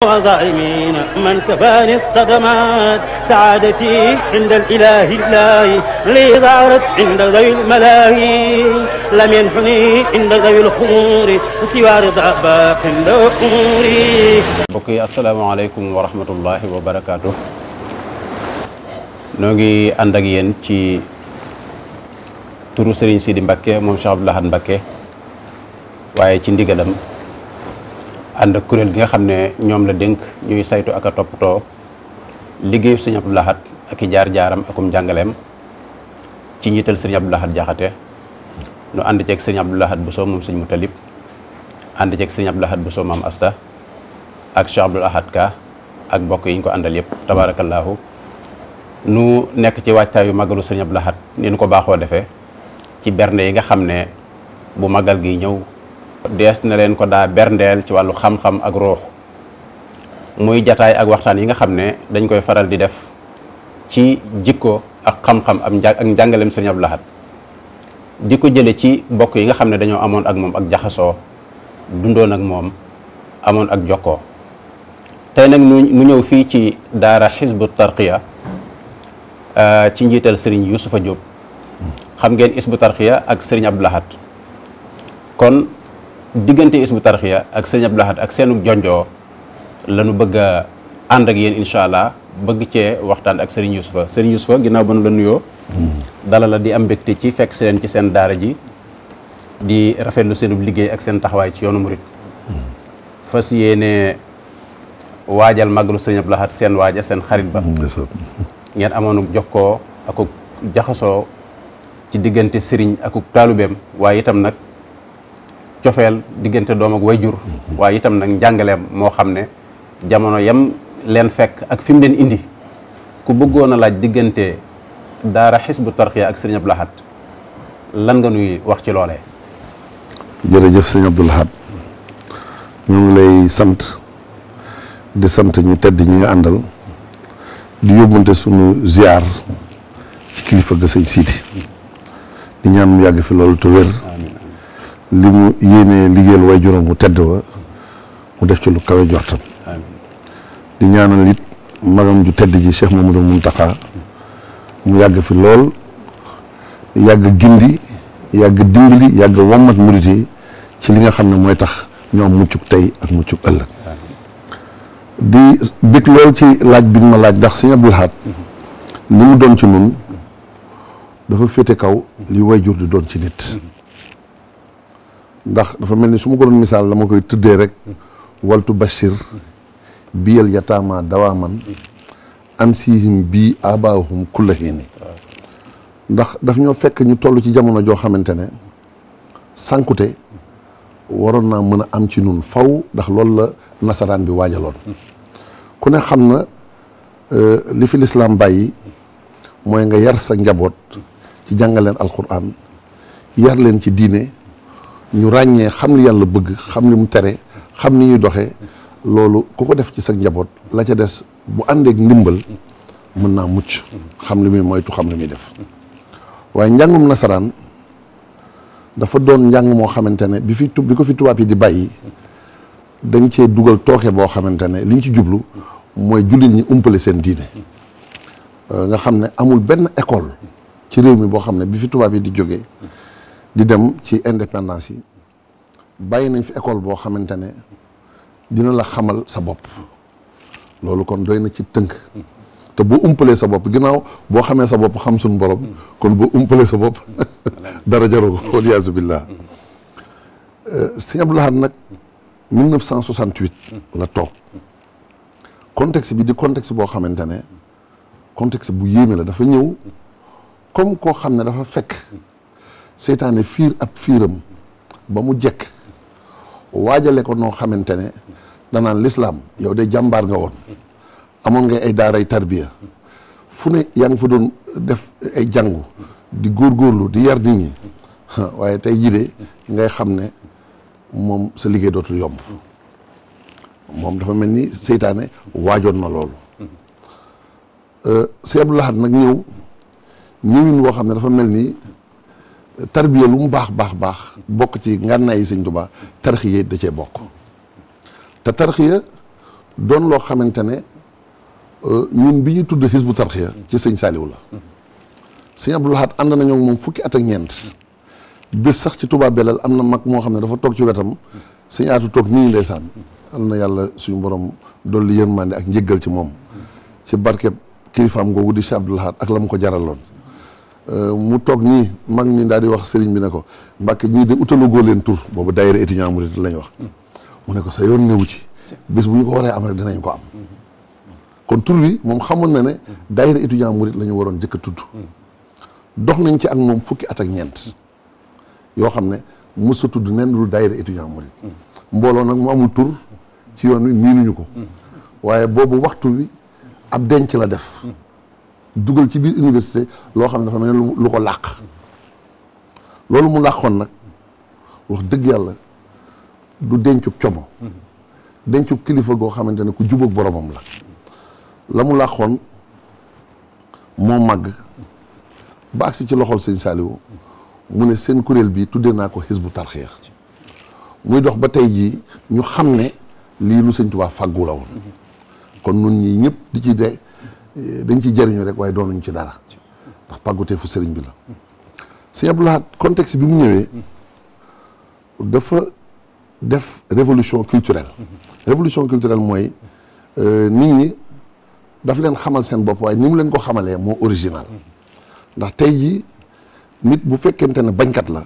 وظالمين من كفاني الصدمات سعادتي عند الإله الله لي ظهرت عند ذوي الملاهي لم ينحني عند ذوي الخمور سوى رضا باق عند أموري بكي السلام عليكم ورحمة الله وبركاته نوغي عندك ين تي turu Serigne Sidi Mbacké moom Cheikh Abdoul Ahad Mbacké waaye ci ndigalam Anda ak kuréel gi nga xamne ñom la denk ñuy saytu ak a toppatoo liggéeyu sëñ ak jaar-jaaram akum jangalem ci ñittal sëñ abdullah hat Jaxate nu anda hat bu so mom Bousso mutalib, anda ci ak ceeg abdullah hat bu so maam Asta ak Cheikh abdullah hat Ka ak bokk yi ñu ko andal tabarakallah nu nek ci yu magalu sëñ abdullah hat ni ñu ko baxo defé ci berne yi nga xamne bu magal gi ñew dees na len ko da berndel ci walu xam-xam ak roh muy jotaay ak waxtaan yi nga xamne dañ koy faral di def ci jikko ak xam-xam am njàng ak njàngaleem Sëriñ Abdou Lahad di ko ci bokk yi nga xamne ne amone ak mom ak jaxaso dundon ak mom amone ak joko tay nag nu ñew fi ci daara xisbu tarqiya euh, ci njital serigne Yusufa Diop xam ngeen xisbu tarqiya ak serigne Abdou Lahad kon digënté ismu tarxiya ak sëñ Abdou ak senu jondjo lañu bëgg and ak yeen inshallah allah bëgg ci waxtaan ak Serigne Youssoufa Serigne Youssoufa ginaaw ba la nuyo dalala di am mbégte ci fekk seen ci seen daara ji di rafetlu seenub liggéey ak seen taxaway ci yoonu murit fas yéene maglu màggalu Serigne Abdou seen seen xarit ba. Mm, ngeen amonu jokko ak jaxaso ci digënté Serigne ak talubem waye itam nak cofeel digënté doom ak wayjur waaye itam nak njàngale mo xamné jamono yam len fekk ak fim den indi ku bëggona laaj digënté daara hisbu tarqiya ak serigne Abdou Lahad lan nga nuy wax ci loolee jërëjëf sëriñ Abdou Lahad ñu ngi lay sante di sante ñu tedd ñi nga di yobunte sunu ziar ci kilifa ga sëñ sidi di ñaan mu yàgg fi lolou to wër limu yene ligel wayjuram mu tedd wa mu def ci lu kawé jortam di ñaanal nit magam ju tedd ji Cheikh Mamadou muntaka mu yagg fi lol yagg gindi yagg dimbali yagg wommat murit ci li nga xamne moy tax ñom am ak ëlëk di bik lol ci laaj bi ma laaj ndax seigne Abdul Ahad li mu doon ci mum dafa fété kaw li wayjur di doon ci nit ndax dafa melni ni ko don misal dama koy tuddé rek waltu bashir biyal yatama dawaman ansihim bi abahum kullahiini ndax daf ñoo fekk ñu tollu ci jamono jo xamantene sankuté waron na mëna am ci nun faw ndax lool la nasaran bi wajalon ku ne xamna euh, li fi l'islam bayyi moy nga yar sa njabot ci jangaleen alquran yar leen ci diine ñu ràññee xam li yàlla bëgg xam li mu tere xam ni ñuy doxe loolu ku ko def ci sa njaboot la ca des bu àndeek ndimbal mën naa mucc xam li muy moytu xam li def waaye njàngum nasaraan dafa doon njàng moo xamante ne bi fi tu bi ko fi tubaab yi di bàyyi dañ cee dugal tooke boo xamante ne liñ ci jublu mooy jullit ñi umpale seen diine euh, nga xam ne amul benn école ci réew mi boo xam ne bi fi tubaab yi di jógee di dem ci indépendance yi bàyyi nañ fi école bo xamantene dina la xamal sa bop lolou kon doyna ci teunk te bu umpelé sa bop ginaaw bo xamé sa bop xam suñu borom kon bu umpelé sa bop dara jaru ko waliyaasu billah euh nak 1968 la toog contexte bi di contexte bo xamantene contexte bu yéme la dafa ñew comme ko xamné dafa fekk seytaane fiir ab fiiram ba mu jekk waajale ko noo xamante ne danaa lislaam yow de jàmbaar nga woon amoon nga ay daaray tarbiya fu ne yaa ngi fa doon def ay jàngu di góorgóorlu di yar nit ñi waaye tey jii de ngay xam ne moom sa liggéey dootul yomb moom dafa mel ni seytaane waajoon na loolu euh, si Abdou Lahad nag ñëw ñëwin woo xam ne dafa mel ni tarbiya lu mu baax baax baax bokk ci ngànnaay yi sëñ Tuubaa tarxiya da cee bokk te tarxiya doon loo xamante ne euh, ñun bi ñu tudd xisbu tarxiya ci sëñ Saaliw la sëñ Abdul Ahad ànd nañoo moom fukki at ak ñeent bis sax ci tubaab Belal am na mag moo xam ne dafa toog ci wetam sëñ Aatu toog nii ndeysaan am na yàlla suñu borom dolli yërmande ak njëggal ci moom ci barkeb kilifaam googu di Cheikh Abdul Ahad ak la mu ko jaraloon Euh, mu toog nii mag ñi daal di wax sëriñ bi ne ko Mbàkke ñii de utalugoo leen tur boobu daayira étudiant murid lañ wax mu ne ko sa yoon newu ci bis bu ñu ko waree am rek dinañ ko am kon tur bi moom xamoon na ne daayira étudiant murid lañu waroon jëkk a tudd dox nañ ci ak moom fukki at ak ñeent yoo xam ne mos a tudd nen lu daayira étudiant murid mbooloo nag mu amul tur ci yoon wi miinuñu ko waaye boobu waxtu bi ab denc la def dugal ci biir université loo xam ne dafa mel ne lu ko làq loolu mu làqoon nag wax dëgg yàlla du dencug como dencug kilifa goo xamante ne ku jubóog boromam la la mu làqoon moo màgg ba agsi ci loxol sëñ Saliou mu ne seen kuréel bi tuddee naa ko xisbu tarxiya muy dox ba tey jii ñu xam ne lii lu sëñ Tuubaa fàggu la woon kon nun ñii ñëpp di ci de dañ ciy jëriñu rek waaye doonuñ ci dara ndax pàggutee fu sëriñ bi la si Abdoulaye contexte bi mu ñëwee dafa def révolution culturelle révolution culturelle mooy euh, nit ñi daf leen xamal seen bopp waaye ni mu leen ko xamalee moo original ndax tey jii nit bu fekkente ne bañkat la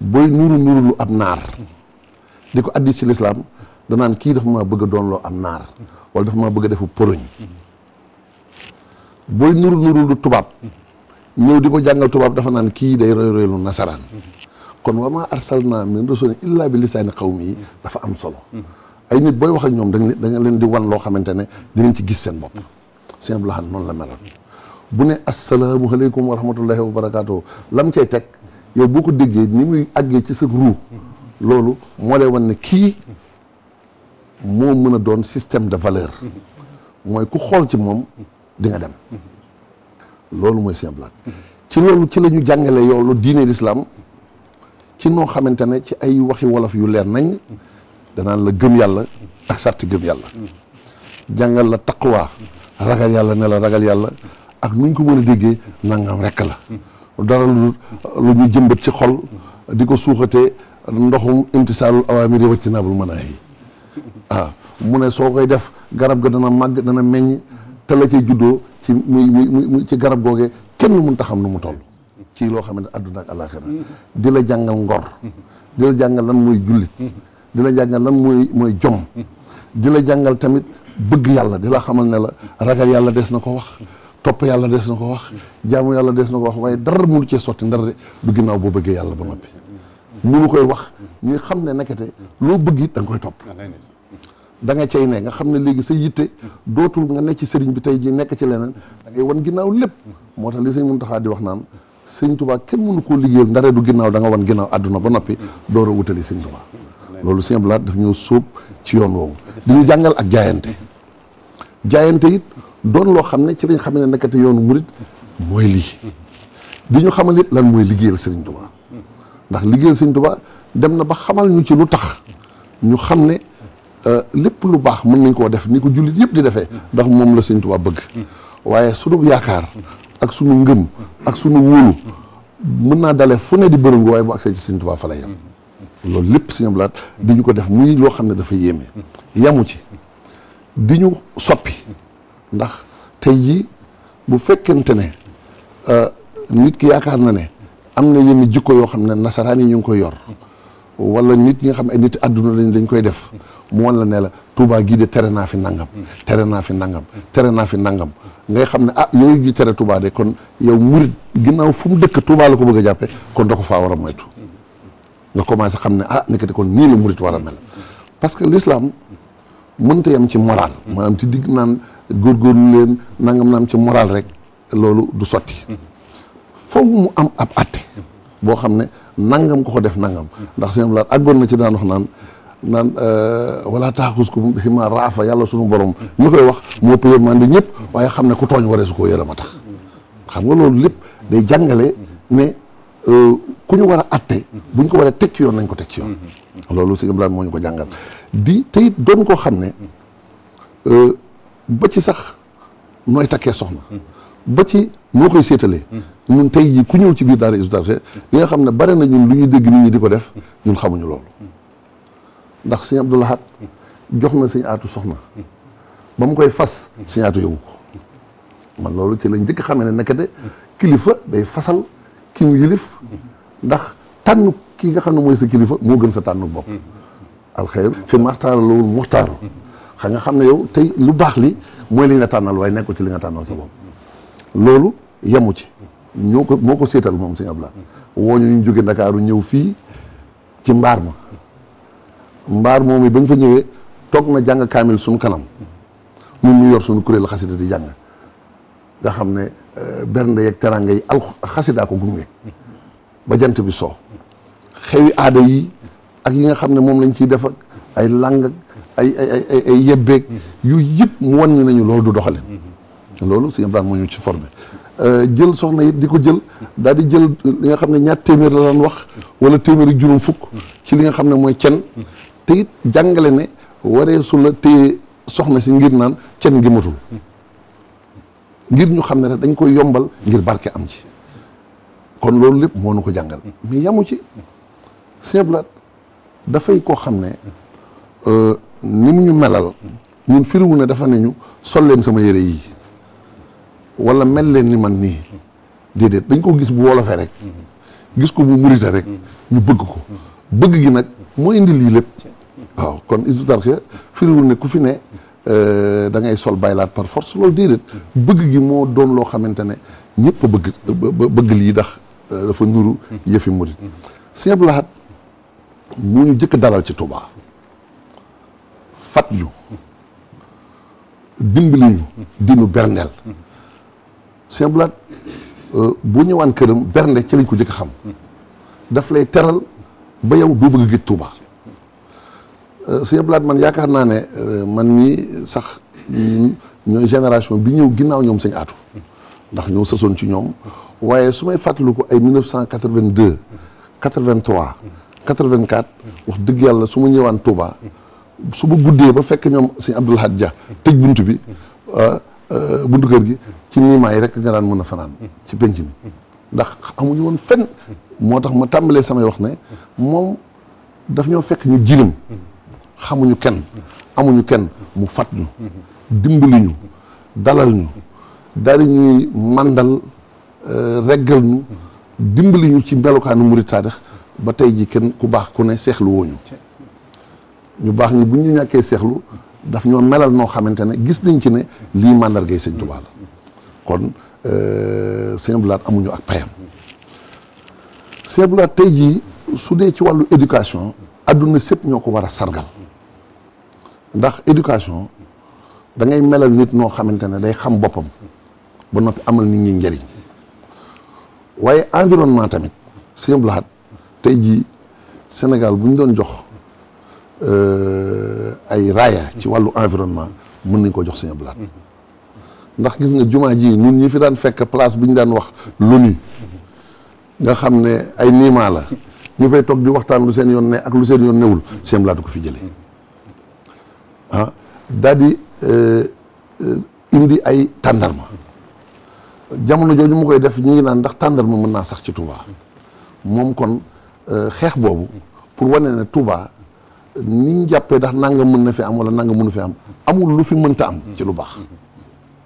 booy nuru nuru lu ab naar di ko addi si lislaam danaan kii dafa maa bëgg doon loo am naar wala dafa maa bëgg a defu poroñ booy nuru nuru lu tubaab ñëw di ko jàngal tubaab dafa naan kii day roy roy lu nasaraan kon wa maa arsalnaa min rasulin illaa bi lisaani qawmi yi dafa am solo ay nit booy wax ak ñoom da nga leen di wan loo xamante ne di dinañ ci gis seen bopp sëñ Abdou Lahad noonu la meloon bu ne asalaamaaleykum wa rahmatullahi wa barakaatu lam cay teg yow boo ko déggee ni muy àggee ci sa ruu loolu moo lay wan ne kii moo mën a doon système de valeur mooy ku xool ci moom dinga dem lolou moy simple ci lolou ci lañu ñu yow lu diiné l'islam ci no xamantene ci ay waxi wolof yu leer nañ nan la gëm yalla ak sarti gëm yalla jàngal la taqwa ragal yalla ne la ragal yalla ak nuñ ko mëna déggé nangam rek la dara lu lu ñu jëmbat ci xol diko ko ndoxum imtisaalul awaamiri wa tinabul manahi ah mune ne def garab ga dana mag dana meñ te la cay juddoo ci muy muy muy ci garab googee kenn mun ta xam nu mu toll ci loo xamante adduna ak àlaxira di la jàngal ngor di la jàngal lan mooy julli di la jàngal lan mooy mooy jom di la jàngal tamit bëgg yàlla di la xamal ne la ragal yàlla des na ko wax topp yàlla des na ko wax jaamu yàlla des na ko wax waaye dara mënu cee sotti ndar de du ginnaaw boo bëggee yàlla ba noppi ñu koy wax ñu xam ne nekkate loo bëgg it da koy topp da nga cay ne nga xam ne léegi sa yitte dootul nga ne ci sëriñ bi tey ji nekk ci leneen da ngay wan ginnaaw lépp moo tax li sëñ Muntaxa di wax naan sëñ Tuubaa kenn mënu koo liggéeyal ndare du ginnaaw da nga wan ginnaaw àdduna noppi door a wutali sëñ Tuubaa loolu sëñ Blaat daf ñoo sóob ci yoon woowu di ñu ak jaayante jaayante it doon loo xam ne ci lañ xam ne nekkati yoonu murit mooy lii di ñu xamal it lan mooy liggéeyal sëriñ Tuubaa ndax liggéeyal sëriñ Tuubaa dem na ba xamal ñu ci lu tax ñu xam ne Eh, lepp lu bax mën nañ ko def ni ko jullit yëpp di defee ndax mom la seigne touba bëgg waaye suñu yaakaar ak suñu ngëm ak suñu wolu mën na dalé fu di bërëng waaye bu agsee ci sëñ Tuubaa fa la yam lool lepp seigne blat di ko def muy lo xamné dafa yémé yamu ci di soppi ndax tay yi bu fekkente ne eh, nit ki yaakaar na ne amna na jikko yo xam nasarani ñu ngi koy yor wala nit ñi nga xam ay nit àdduna lañ dañ koy def mu wan la ne la Touba gii de tere naa fi nangam tere naa fi nangam tere naa fi nangam ngay xam ne ah yooyu gi tere Touba de kon yow murit ginnaaw fu mu dëkk Touba la ko bëgg a jàppe kon da ko faa war a moytu nga commencé xam ne ah nekkati kon nii la murit war a mel parce que l'islam mënta yam ci moral maanaam ci digg naan góorgóorlu leen nangam naam ci moral rek loolu du sotti foofu mu am ab atte boo xam ne nangam ko ko def nangam ndax seen laat àggoon na ci daan wax naan naan euh, wala taaxus ko xima raafa yàlla sunu borom mi koy wax moo ëpp yërmande ñëpp waaye xam ne ku tooñ waree su koo yërëm a tax xam nga loolu lépp day jàngale ne euh, ku ñu war a atte bu ñu ko war a teg yoon nañ ko teg ci yoon loolu si lam moo ñu ko jàngal di te it doon koo xam ne euh, ba ci sax nooy takkee soxna ba ci moo koy seetalee ñun tey jii ku ñëw ci biir daara Hizbut Tarqiyyah li nga xam ne bare na ñun lu ñuy dégg nit ñi di ko def ñun xamuñu loolu ndax sëñ Abdou jox na sëñ aatu soxna ba mu koy fas sëñ aatu ko man loolu ci lañ njëkk xam ne nekkate kilifa day fasal ki mu yilif ndax tànn ki nga xam ne mooy sa kilifa moo gën sa tànn bopp alxeyr fi maxtaara lawul muxtaaru xa nga xam ne yow tey lu baax li mooy li nga tànnal waaye nekkul ci li nga tànnal sa bopp loolu yemu ci ñoo ko moo ko seetal moom sëñ Abdoulaye woo ñu ñu jóge Ndakaaru ñëw fii ci mbaar ma mbaar moom it ba ñu fa ñëwee toog na jàng kaamil suñu kanam ñun mu yor suñu kuréel xasida di jàng nga xam ne euh, bernde yeeg teranga yi al xasidaa ko gunge ba jant bi soo xewi aada yi ak yi nga xam ne moom lañ ciy def ak ay làng ay ay ay ay yebbeeg yu yëpp mu wan nañu loolu du doxalin loolu suñu Ibrahima mo ñu ci formé euh, jël soxna yi diko jël dal di jël li nga xamné ne témir la lan wax wala témir ak fuk ci li nga xamné ne mooy cen te it jàngale ne wareesu la té soxna si ngir naan cen gi matul ngir ñu xamné rek dañ koy yombal ngir barké am ci kon loolu lepp mo nu ko jàngal mais yamu ci simple da fay ko ne euh, ni nimu ñu melal ñun firiwu ne dafa ne sol leen sama yéré yi wala mel leen ni man ni déedéet dañ ko gis bu wolof rek gis ko bu murite rek ñu bëgg ko bëgg gi nak indi li lepp waaw kon Hizbut Tarqiyyah firiwul ne ku fi ne euh, da ngay sol baylat par force lol déedéet bëgg gi mo doon lo xamantene ne bëgg bëgg li dax euh, dafa nuru yefi murit ñu jëk dalal ci Touba fatlu dimbali dinu bernel Cheikh euh bu ñewan kërëm berne ci lañ ko jëk xam daf lay téral ba yow doo bëgg gëj Touba euh Abdou Lahad man yaakar na né euh, man mi sax ñoy génération bi ñew ginnaw ñom sëñ aatu ndax ñoo sësoon ci ñom waaye sumay fatlu ko ay 1982 83 84 wax dëgg Yalla suma ñewan Touba su ma ba fekk ñom sëñ Abdou Hadja Dia buntu bi bi euh, Euh, buntu kër gi ci niimaa yi rek nga daan mën a fanaan ci penc mi ndax amuñu woon fenn moo tax ma tàmbalee samay wax ne moom daf ñoo fekk ñu jirim xamuñu kenn amuñu kenn mu fat ñu dimbali ñu dalal ñu daal ñuy mandal euh, reggal ñu dimbali ñu ci melukaanu murit saadix ba tey ji kenn ku baax ku ne seexlu wooñu ñu baax ñi bu ñu ñàkkee seexlu daf ñoo melal no xamantene gis nañ ci ne lii gay seigne touba la kon euh, sëñ Abdou blad amuñu ak payam seigne blad tay ji su dé ci walu éducation aduna sepp ñoko wara sargal ndax éducation da ngay melal nit no xamantene day xam bopam bu nopi amal nit ñi njëriñ waye environnement tamit seigne blad tay ji senegal buñ doon jox Euh, ay raaya ci wàllu environnement mën nañ koo jox Sëñ Abdou Lahad ndax gis nga jumaa ji ñun ñi fi daan fekk place bi ñu daan wax l'ONU nga xam ne ay niimaa la ñu fay toog di waxtaan lu seen yoon ne ak lu seen yoon newul Sëñ Abdou Lahad ko fi jëlee ah daal di euh, indi ay tàndarma jamono jooju mu koy def ñu ngi naan ndax tàndarma mën naa sax ci Touba moom kon euh, xeex boobu pour wane ne tubaa ni ñu jàppee ndax nanga mën na fi am wala nanga mënu fi am amul lu fi mënta am ci lu baax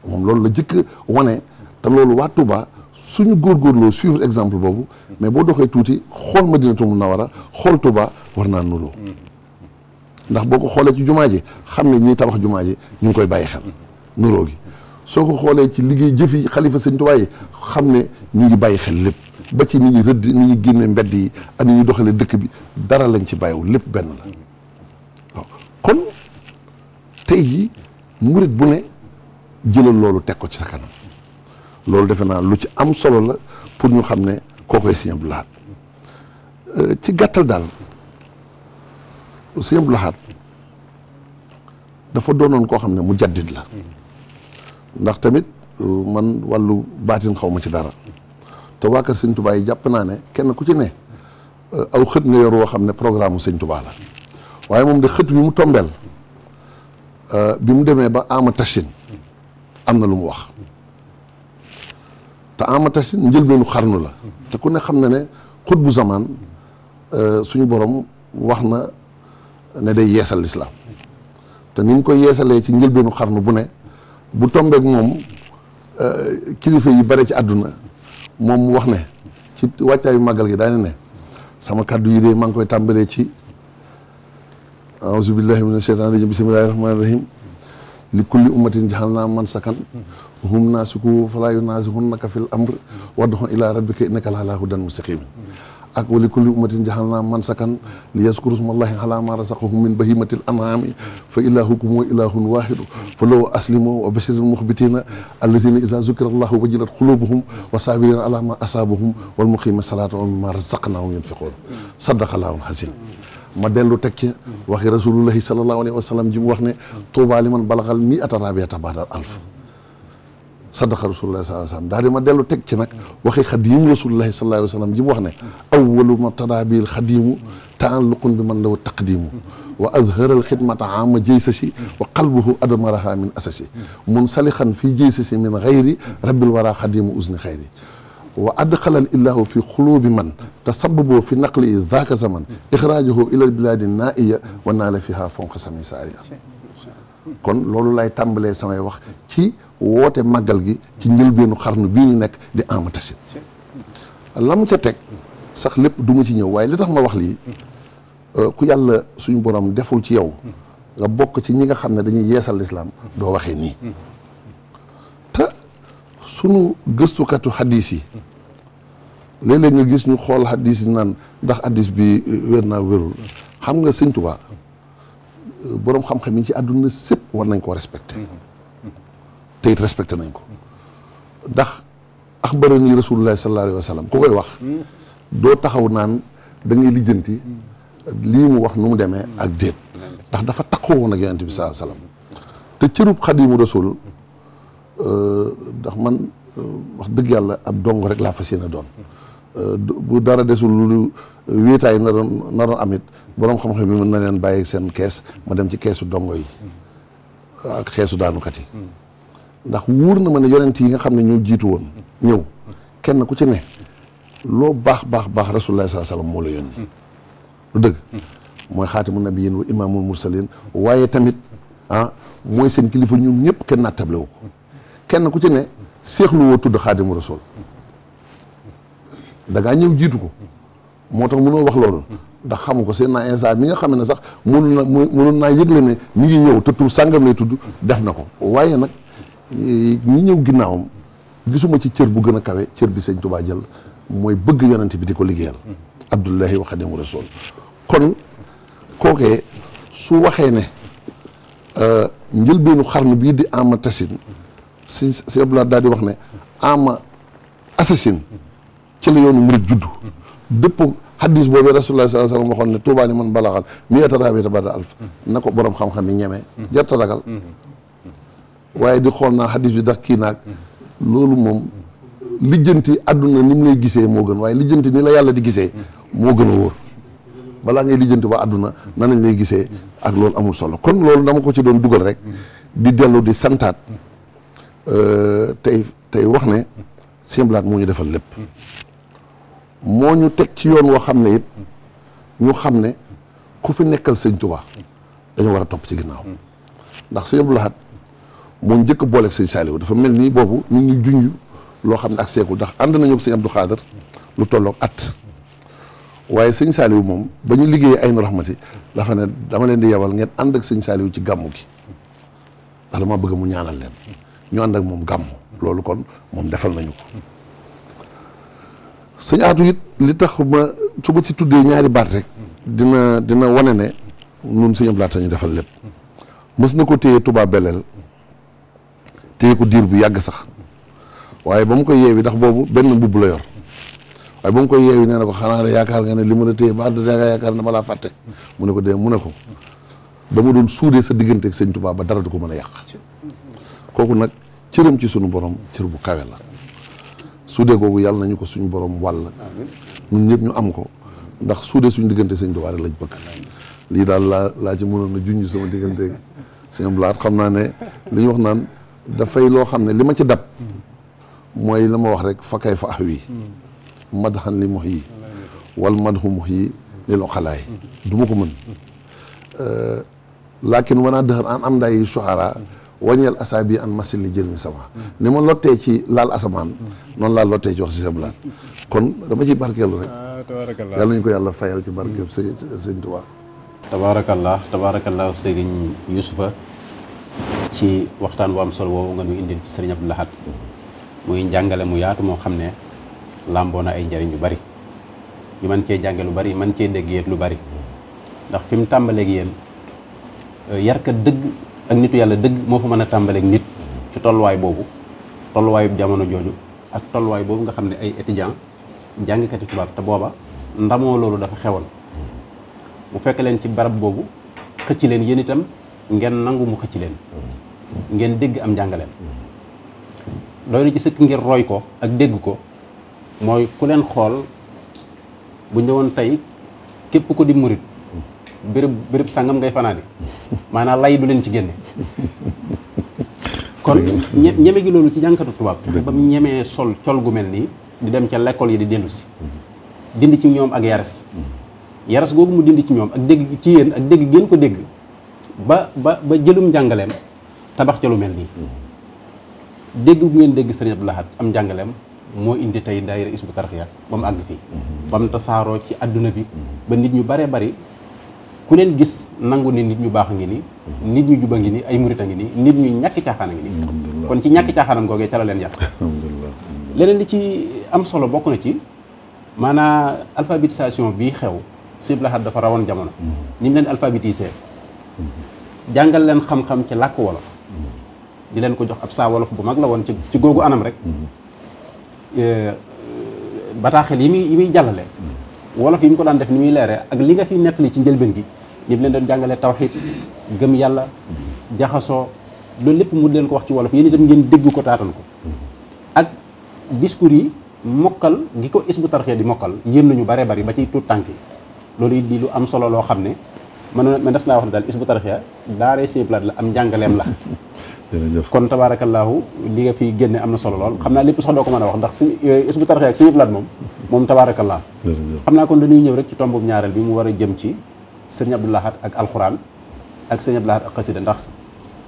moom loolu la jëkk wane te loolu waa Touba suñu góor góorgóorloo suivre exemple boobu mais boo doxee tuuti xool Madinatul a xool Touba war naa nuroo ndax boo ko xoolee ci jumaa ji xam ne ñiy tabax jumaa ji ñu ngi koy bàyyi xel nuroo gi soo ko xoolee ci liggéey jëfi xalifa sëñ Touba yi xam ne ñu ngi bàyyi xel lépp ba ci nit ñuy rëdd ni ñuy génne mbedd yi ak ñuy doxalee dëkk bi dara lañ ci bàyyiwul lépp benn kon tey yi murit bu ne jëlal loolu teg ko ci sa kanam loolu defe naa lu ci am solo la pour ñu xam ne kookoy Sëñ Abdou laat euh, ci gàttal daal Sëñ Abdou Lahad dafa doonoon koo xam ne mu jaddit la ndax tamit euh, man wàllu baatin xaw ma ci dara te waa kër Sëñ Tubaa jàpp naa ne kenn ku ci ne euh, aw xët nga yor woo xam ne programme Sëñ Tubaa la waaye moom de xët bi mu tombeel euh, bi mu demee ba ama tasin am na lu mu wax te ama tasin njëlbeenu xarnu la te ku ne xam na ne xut bu zamaan euh, suñu borom wax na ne day yeesal lislaam te ni ñu koy yeesalee ci njëlbeenu xarnu bu ne bu tombeek moom euh, kilifa yi bare ci àdduna moom wax ne ci wàccaayu màggal gi daane ne sama kàddu yi de maa ngi koy tàmbalee ci aouzu billahi mina sheytani rajim bismillahi rahmani rahim li kulli ummatin jaxalnaa man sakan hum naasiku falaa yunaasikunnaka fil amr wad'u ilaa rabbika innaka la'alaa hudan mustaqim ak wa li kulli ummatin jaxalnaa man sakan li yaskuru smallahi alaa maa razaqahum min bahimatil an'aami fa ilaahukum wa ilaahun waahidu falahu aslimu wa bashiril muxbitiina allaziina izaa zukira llaahu wajilat quluubuhum wa saabiriina alaa maa asaabahum wal muqiimiina salaata wa mimmaa razaqnaahum yunfiquun sadaqallaahul aziim ma dellu teg ca waxi rasulullahi sallallahu alayhi wa sallam ji mu wax ne tuubaa li man balaxal mi ataraabiata baadal alf sadaqa rasulullahi sallallahu alayhi wa sallam daal di ma dellu teg ci nag waxi xadiim rasulullahi sallallahu alayhi wa sallam ji mu wax ne awalu ma taraabil xadiimu taalluqun bi man law taqdiimu wa azharal xidmata ama jaysasi wa qalbuhu admaraha min asasi mun salixan fii jaysasi min xayri rabbil wara xadiimu usni xayri وأدخل الله في قلوب من تسببوا في نقل ذاك زمن إخراجه إلى البلاد النائية ونال فيها فوق سمي سعيا كون لولو لاي تامبلي سامي واخ تي ووتي ماغال جي تي نيل بي نو خارنو بي ني نك دي ام تاسيت لام تا تك ساخ ليب دوما تي نيو واي لي تاخ ما واخ لي كو يالا سوني بوروم ديفول تي ياو غا بوك تي نيغا خامني دا نيي ييسال الاسلام دو واخي ني sunu gëstukatu hadis yi léeg-léeg nga gis ñu xool hadis yi naan ndax hadis bi euh, wér naa wérul xam nga sëñ Tuubaa euh, boroom xam-xam yi ci àdduna sépp war nañ koo respecté te it respecté nañ ko ndax axbarani rasulullahi sallallahu alayhi wa sallam ku koy wax doo taxaw naan da ngay lijjanti lii mu wax nu mu demee ak déet ndax dafa taxawoon a yonent bi sallallahu alayhi wa sallam te cërub xadimu rasul Euh, ndax man euh, wax dëgg yàlla ab dong rek laa fas yéene doon euh, bu dara desul lu wéetaay naroon naroon amit boroom xam-xam yi mën na leen bàyyi seen kees ma dem ci keesu dongo yi ak keesu daanukat yi ndax wóor na ma ne yonent yi nga xam ne ñu jiitu woon ñëw kenn ku ci ne loo baax baax baax rasulullah sallallahu alayhi wasallam moo la yónni lu dëgg mooy xaatimu nabiyyin wa imaamul mursalin waaye tamit ah, mooy seen kilifa ñoom ñëpp kenn nattable wu ko kenn ku ci ne seexlu woo tudd xaadimu rasul dangaa ñëw jiitu ko moo tax mënoo wax loolu ndax xamu ko seen naa instant mi nga xam ne sax mënu na mënoon naa yëgle ne mi ngi ñëw te tur sàngam lay tudd def na ko waaye nag ñi ñëw ginnaawam gisuma ci cër bu gën a kawe cër bi sëñ Tuubaa jël mooy bëgg yonent bi di ko liggéeyal abdullahi wa xadimu rasul kon kookee su waxee ne euh, njëlbeenu xarnu bii di ama tasin si si Abdoulaye daal di wax ne ama assassine ci la yoonu murid juddu dëpp hadis boobu rasulullah sallallahu alayhi wasallam waxoon ne Touba ni man balaxal mi atarabita bada alf na ko borom xam-xam yi ñeme jarta ragal waaye di xool naa hadis bi ndax kii naag loolu moom lijjanti àdduna ni mu lay gisee moo gën waaye lijjanti ni la yàlla di gisee moo gën a wóor balaa ngay lijjanti ba àdduna na nañ lay gisee ak loolu amul solo kon loolu dama ko ci doon dugal rek di dellu di santaat Euh, tey tey wax ne Sëñ moo ñu defal lépp moo ñu teg ci yoon woo xam ne it ñu xam ne ku fi nekkal sëñ Tuubaa dañoo war a topp ci ginnaaw ndax Sëñ Blaat moo njëkk booleeg sëñ Saaliw dafa mel nii boobu ñu ngi junj loo xam ne ak seekul ndax ànd nañu ak sëñ Abdou Khader lu tolloog at waaye sëñ Saaliw moom ba ñu liggéeyee ay nu raxmati dafa ne dama leen di yebal ngeen ànd ak sëñ Saaliw ci gàmmu gi ndax dama bëgg mu ñaanal leen ñu ànd ak moom gàmmu loolu kon moom defal nañu ko sëñ Aatu it li tax ma su ma ci tuddee ñaari baat rek dina dina wane ne si sëñ Abdou Lahat ñu defal lépp mës na ko téye tubaab Belel téye ko diir bu yàgg sax waaye ba mu koy yeewi ndax boobu benn mbubb la yor waaye ba mu koy yeewi nee ko xanaa de yaakaar nga ne li mën a téye ba àdduna nga yaakaar ne ma laa fàtte mu ne ko dee mu ne ko dama doon suudee sa diggante ak sëñ tubaab ba dara du ko mën a yàq kooku nag cëram ci sunu boroom cër bu kawe la suude googu yàlla nañu ko suñu borom wàll ñun ñëpp ñu am ko ndax suude suñu diggante sëñ Tuubaa lañ bëgg lii daal laa laa ci mënoon a junj sama xam naa ne li wax naan dafay loo xam ne li ma ci dab mooy la ma wax rek fa kay fa ax wi madhan li mox yi wal madhu mox yi li loo xalaay du ko mën euh, laakin wanaa dëxër an am nday suxaraa wañeel asaa bi an masil li jërmi sama ni ma lottee ci laal asamaan noonu laa lottee ci wax si sablaat kon dama ci barkeelu rek ah, tabaarakallah nañu ko yàlla fayal ci barkeelu sëñ sëñ Tuubaa tabaarakallah tabaarakallah sëriñ Yusufa ci waxtaan bu am solo woowu nga nu indil ci sëriñ Abdou Lahad muy njàngale mu yaatu moo xam ne làmboo na ay njariñ yu bari ñu mën cee jànge lu bari man cee dégg yéen lu bari ndax fi mu tàmbaleeg yéen yarkat dëgg ak nitu yàlla dëgg moo fa mën a tàmbaleeg nit ci tolluwaay boobu tolluwaayu jamono jooju ak tolluwaay boobu nga xam ne ay étudiants jàngkati tubaab te booba ndamoo loolu dafa xewoon mu fekk leen ci barab boobu xëcc leen yéen itam ngeen nangu mu xëcc leen ngeen dégg am njàngaleem doy na ci sëkk ngir roy ko ak dégg ko mooy ku leen xool bu ñëwoon tey képp ko di murit bërëb bërëb sangam ngay fanane mana lay du len ci genné kon ñëmé gi lolu ci jankatu tubaab ba mu sol col gu melni di dem ci l'école yi di dellu ci dindi ci ñom ak yaras yaras gogu mu dindi ci ñom ak dégg ci yeen ak dégg ko dégg ba ba ba jëlum jangalem tabax ci lu melni nii dégg ngeen dégg serigne Abdou am jangalem mo indi tay daire isbu Tarqiyyah bam ag fi bam ba ci aduna bi ba nit ñu bare bare ku gis nangu ni nit ñu bax ngi ni nit ñu juba ngi ni ay murit ngi ni nit ñu ñak caaxaan a ngi ni kon ci ñàkk caaxaanam googee ca la len yar leneen li ci am solo bokku na ci mana alphabétisation bi xew sib had dafa rawon jamono ni len jangal len xam-xam ci lak wolof di len ko jox ab sa wolof bu mag la won ci gogu anam rek mm-hmm. yi yi jallale wolof yi ñu ko daan def ni muy leeree ak li nga fi nettali ci njëlbeen gi ni mu leen doon jàngalee tawxiid gëm yàlla jaxasoo loolu lépp mu leen ko wax ci wolof yéen itam ngeen dégg ko taatan ko ak discours yi mokkal gi ko isbu tarxee di mokkal yéem ñu bare bari ba ci tuut tànk yi loolu it di lu am solo loo xam ne man man def naa wax ne daal Hizbut Tarqiyyah daaree la am njàngaleem la jërëjëf kon tabaarakallaahu li nga fi génne am na solo lool xam naa lépp sax doo ko mën a wax ndax si Hizbut Tarqiyyah ak Sëñ Abdou Lahad moom moom tabaarakallaahu xam naa kon dañuy ñëw rek ci tombu ñaareel bi mu war a jëm ci Sëñ Abdou ak alxuraan ak Sëñ Abdou ak xasida ndax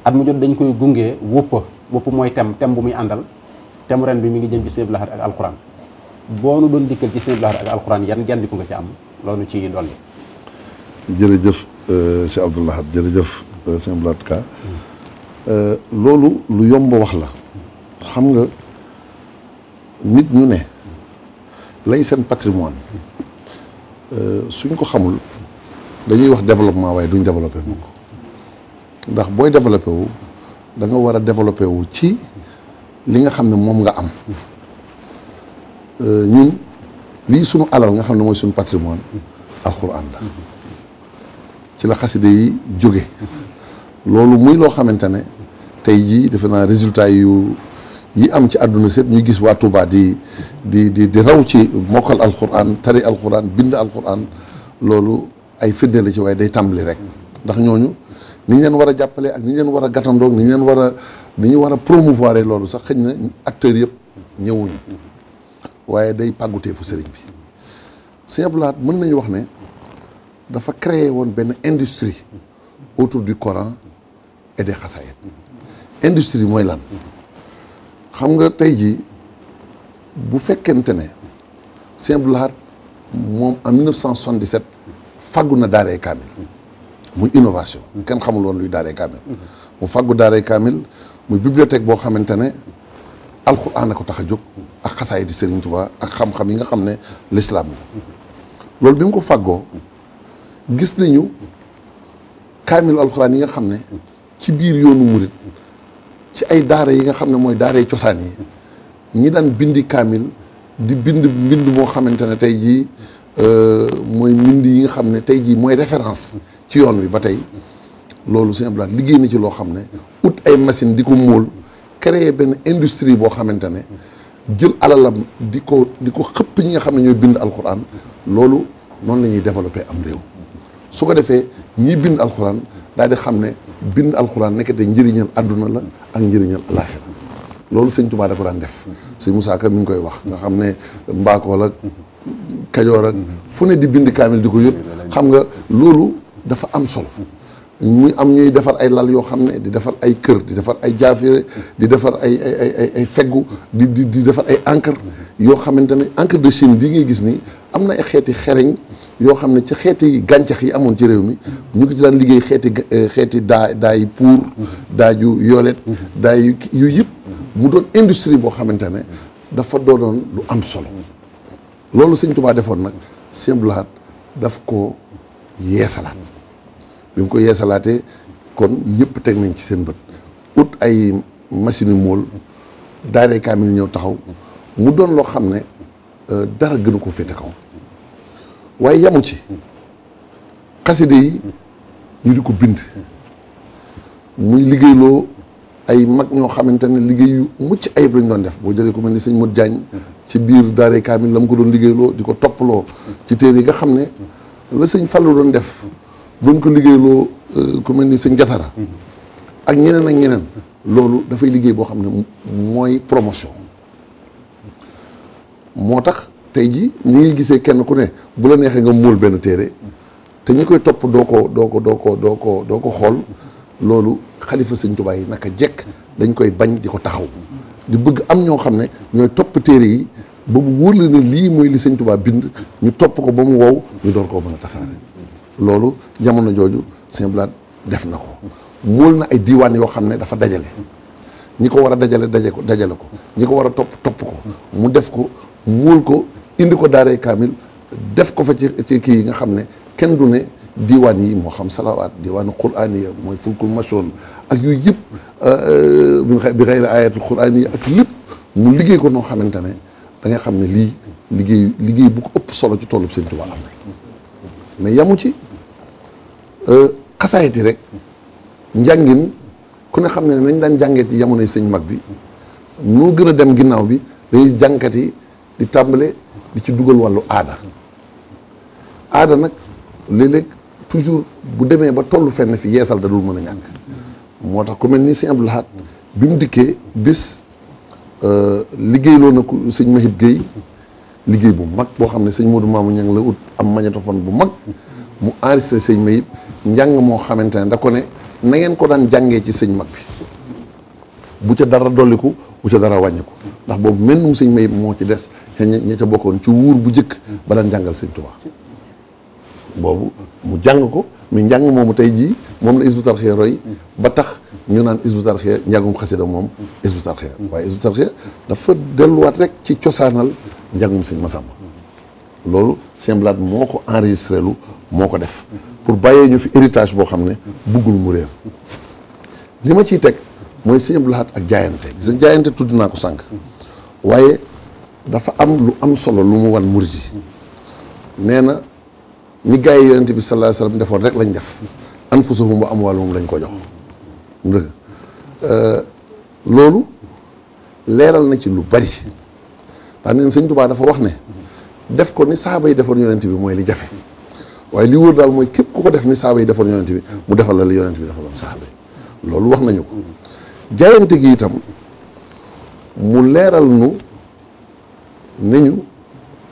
at mu jot dañ koy gungee wóppa wópp mooy tem tem bu muy àndal tem ren bi mi ngi jëm ci ak doon ci ak yan nga ci am ci dolli si euh, Abdou Lahad jërëjëf sëñ euh, Abdou Lahad Ka euh, loolu lu yomb wax la xam nga nit ñu ne lay seen patrimoine suñ ko xamul dañuy wax développement waaye duñ développé ko ndax booy développé wu da nga war a développé wu ci li nga xam ne moom nga am ñun lii suñu alal nga xam ne mooy suñu patrimoine alxuraan la ci la xasida yi jóge loolu muy loo xamante ne tey jii defe naa résultat yu yi am ci àdduna sépp ñuy gis waa Touba di di di di raw ci mokkal alxuraan tari alxuraan bind alxuraan loolu ay firnde la ci waaye day tàmbali rek ndax ñooñu ni ñu leen war a jàppale ak ni ñu leen war a gàttandoog ni ñu leen war a ni ñu war a promouvoir loolu sax xëñ na acteur yëpp ñëwuñu waaye day pàggutee fu sëriñ bi sëñ Abdou mën nañu wax ne dafa créer won ben industrie autour du Coran et des xasaayid industrie moy lan xam nga tay ji bu fekkente ne Sëñ mom en 1977 faggu na daré kaamil muy innovation Ken xamul won luy daré kaamil mu fagu daré kaamil muy bibliothèque bo xamantene Al alxuraan ko tax ak xasaayid serigne touba ak xam-xam yi nga xam l'islam lool bimu ko fago gis nañu kaamilu alxuraan yi nga xam ne ci biir yoonu murit ci ay daara yi nga xam ne mooy daara yi cosaan yi ñi daan bindi kaamil di bind mbind moo xamante ne tey jii euh, mooy mbind yi nga xam ne tey jii mooy référence ci yoon wi ba tey loolu sëñ Abdoulaye liggéey na ci loo xam ne ut ay machine di ko móol créer benn industrie boo xamante ne jël alalam di ko di ko xëpp ñi nga xam ne ñooy bind alxuraan loolu noonu la ñuy développer am réew su ko defee ñiy bind alxuraan daal di xam ne bind alxuraan nekkete njëriñal àdduna la ak njëriñal alaaxira loolu sëñ Tuubaa da ko daan def sëñ Musaa Ka mi ngi koy wax nga xam ne mbaakoo la fu ne di bind kaamil di ko yët xam nga loolu dafa am solo muy am ñuy defar ay lal yoo xam ne di defar ay kër di defar ay jaafere di defar ay ay feggu di di di defar ay encre yoo xamante ne encre de Chine bii ngay gis nii am na ay xeeti xereñ yoo xam ne ci xeeti gàncax yi amoon ci réew mi ñu ngi ci daan liggéey xeeti euh, xeeti daa daay pour daaju yooleet daay yu yëpp mu doon industrie boo xamante ne dafa doonoon lu am solo loolu sëñ Tuubaa defoon nag Sëñ Abdul daf ko yeesalaat bi mu ko yeesalaatee kon ñëpp teg nañ ci seen bët ut ay machine yu mool daaree kaamil ñëw taxaw mu doon loo xam ne euh, dara gënu ko féete kaw waaye yamu ci xaside yi ñu di ko bind muy liggéeyloo ay mag ñoo xamante ne liggéey yu mucc ayib lañ doon def boo jëlee ko mel ni sëñ Modou Diagne ci biir daare kaamil la mu ko doon liggéeyloo di ko toppaloo ci téere yi nga xam ne la sëñ Fallou doon def doon ko liggéeyloo euh, ku mel ni sëñ Jatara ak ñeneen ak ñeneen loolu dafay liggéey boo xam ne mooy promotion moo tax tey ji ñu ngi gisee kenn ku ne bu la neexee nga muul benn téere te ñi koy topp doo ko doo ko doo ko doo ko doo ko xool loolu xalifa sëñ Tuubaa yi naka jekk dañ koy bañ di ko taxaw di bëgg am ñoo xam ne ñooy topp téere yi ba mu wóor la ne lii mooy li sëñ Tuubaa bind ñu topp ko ba mu wow ñu door koo mën a tasaare loolu jamono jooju sëñ Blaat def na ko muul na ay diiwaan yoo xam ne dafa dajale ñi ko war a dajale daje ko dajale ko ñi ko war a topp topp ko mu def ko muul ko indi ko daaray kaamil def ko fa ci ci kii yi nga xam ne kenn du ne diwaan yi moo xam salawaat diwaanu quraaniya mooy fulkul masoon ak yooyu yëpp euh, euh, bi xayri ayatul quraaniya ak lépp mu liggéey ko noo xamante ne da nga xam ne lii liggéey liggéey bu ko ëpp solo ci toolub Sëñ Tuubaa yamu ci euh, xasaayit yi rek njàngin ku ne xam ne nañ daan jàngee ci jamonoy sëñ mag bi noo gën a dem ginnaaw bi dañuy jànkat yi di tàmbale di ci dugal walu aada aada nak lele tujuh toujours bu deme ba tollu fenn fi yeesal da dul meuna a motax ku melni ni sëñ Abdou Lahad bi bis dikkee bis euh, lo na ko Mahib gey liggey bu mag bo xamne seigne Modou Mamou ñang la ut am magnétophone bu mag mu enregistrer seigne Mahib ñang mo xamantene da ko ne na ngeen ko daan jàngee ci seigne mag bi bu ca dara doliku bu ca dara wañiku ndax boobu mel num ma may moo ci des ca ña ca bokkoon ci wuur bu jëkk ba daan jàngal sëñ Tuubaa boobu mu jàng ko mais njàng moomu tey jii moom la Hizbut Tarqiyyah ba tax ñu naan Hizbut Tarqiyyah njàngum xasida moom Hizbut Tarqiyyah waaye Hizbut Tarqiyyah dafa delluwaat rek ci cosaanal njàngum sëñ Masamba loolu sëñ Blaat moo ko enregistré moo ko def pour bàyyee ñu fi héritage boo xam ne buggul mu réer li ma ciy teg mooy sëñ Blaat ak jaayante gis nga jaayante tudd naa ko sànq waaye dafa am lu am solo lu mu wan murid yi nee na ni gars yi yonent bi sallallahu alayhi wasallam defoon rek lañ def anfusahum wa amwaaluhum lañ ko jox dëgg euh, loolu leeral na ci lu bari ndax neen sëñ Tuubaa dafa wax ne def ko ni saaba yi defoon yonent bi mooy li jafe waaye li wóor daal képp ku def ni yi defoon yonent bi mu defal la li yonent bi defaloon saaba yi loolu wax nañu ko mm-hmm. jaayante gi itam mu leeral nu ne ñu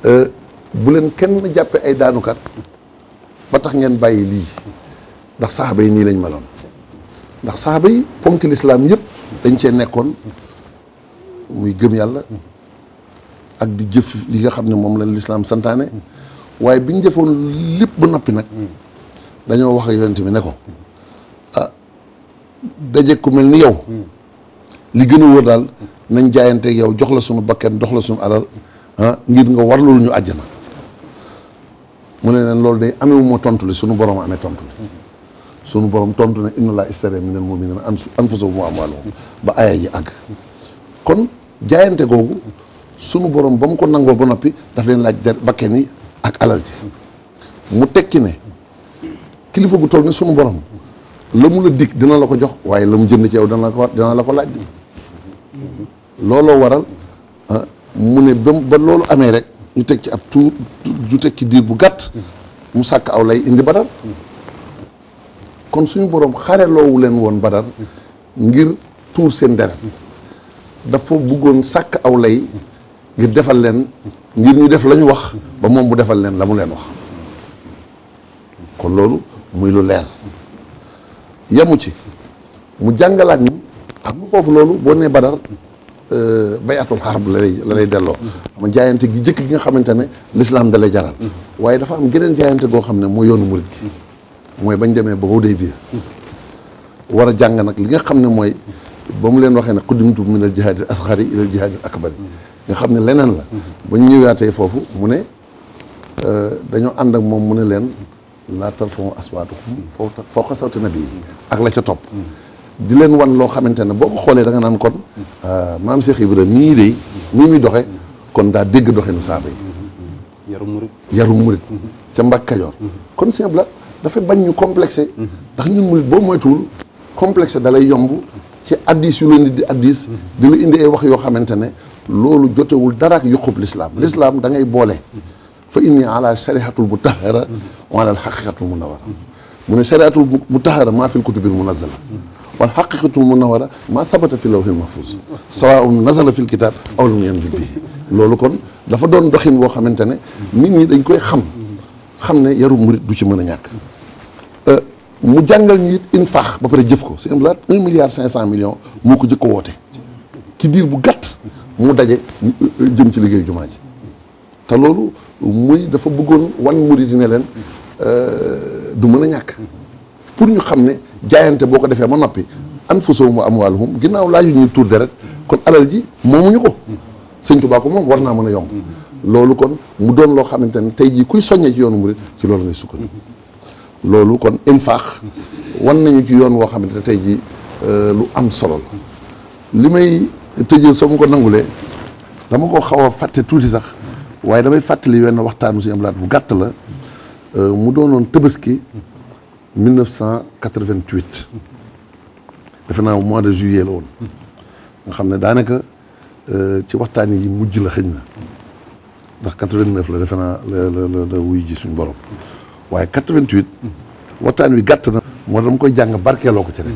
euh, bu leen kenn jàppe ay daanukat ba tax ngeen bàyyi lii ndax saxaaba yi nii lañ meloon ndax saxaaba yi ponk lislaam yëpp dañ cee nekkoon muy gëm yàlla ak di jëf li nga xam ne moom lañ lislaam santaane waaye bi ñu jëfoon lépp ba noppi nag dañoo wax ak yonent bi ne ko ah daje mel ni yow li gën daal nañ jaayanteek yow jox la suñu bakken jox la suñu alal ah ngir nga warlul ñu àjjana mu ne leen loolu day amewu ma tontu li suñu borom amee tontu li suñu borom tontu ne inna laa istare minal mu'minina anfusahum wa amwaalahum ba aaya ji àgg kon jaayante googu sunu borom ba mu ko nangoo ba noppi daf leen laaj der bakkan yi ak alal ji mu tekki ne kilifa gu toll ni suñu borom la mu la dig dina la ko jox waaye la mu jënd ci yow dana la ko dina la ko laaj Lolo waral ah, mu ne ba lolo amé rek ñu tek ci ab tuur ju tek ci dir bu gatt mu sak aw lay indi badar kon suñu xare wu len won badar ngir tuur seen deret dafa bëggoon sak aw lay ngir defal len ngir ñu def lañu wax ba mom bu defal len la mu wax kon lolu muy lu leer yamu ci mu jangalat ñu xam nga foofu loolu boo nee badar euh, bayatul xarb la lay la lay delloo ma njaayante gi jëkk gi nga xamante ne l'islam dalay lay jaral waaye dafa am geneen jaayante goo xam ne mooy yoonu murit gi mooy bañ demee ba Hudaybiya war a jàng nag li nga xam ne mooy ba mu leen waxee ne xuddimtu min al jihaadil asxari ila al jihaadil akbari nga xam ne leneen la ba ñëwaatee foofu mu ne euh, dañoo ànd ak moom mu ne leen laa tarfa'u aswaatakum fawqa sawti nabi ak la ca topp di leen wan loo xamante ne boo ko xoolee da nga naan kon euh, maam Cheikh Ibra nii de nii muy doxe kon daa dégg doxinu saaba yi yaru murit yaru murit mhm. ca Mbàkke Kajoor mhm. kon simple la dafa bañ ñu complexé mhm. ndax ñun murit boo moytuwul complexé dalay yomb ci addis yu la di addis di la indi ay wax yoo xamante ne loolu jotewul dara ak yuqub lislaam lislaam da ngay boole fa inni ala sharihatul mutahara wa ala al haqiqatul munawara mu ne sharihatul mutahara maa fil kutubil munazzala waa wal xaqiqatul munawara maa sabata fi lawhil mahfuz sawaun nazala fil kitab aw lam yanzil bihi loolu kon dafa doon doxin boo xamante ne nit ñi dañ koy xam xam ne yaru murit du ci mën a ñàkk euh, mu jàngal ñu it infaax ba pare jëf ko c'est un milliard cinq cent millions moo ko jëkk woote ci bu gàtt mu daje euh, jëm ci liggéey jumaa ji te loolu muy dafa bëggoon wan murit yi ne leen euh, du mën a ñàkk pour ñu xam ne jaayante boo ko defee ma noppi mu am wa amwaaluhum ginnaaw laaju ñu tuur rek kon alal ji moomuñu ko sëñ Tuubaa ko moom war naa mën a yomb loolu kon mu doon loo xamante ne tey jii kuy soññee ci yoonu murit ci loolu ngay sukkandiku loolu kon infaax wan nañu ci yoon woo xamante ne tey jii euh, lu am solo la li may tëjee soo mu ko nangulee dama ko xaw a fàtte tuuti sax waaye damay fàttali wenn waxtaan mu suñu am laat bu gàtt la euh, mu doonoon tëbaski 1988 defe naa mois de juillet la woon nga xam ne daanaka euh, ci waxtaan yi mujj la xëñ na ndax 89 la defe naa la la la wuy ji suñu borom waaye 88 waxtaan wi gàtt na moo dama koy jàng barkeeloo ko ci rek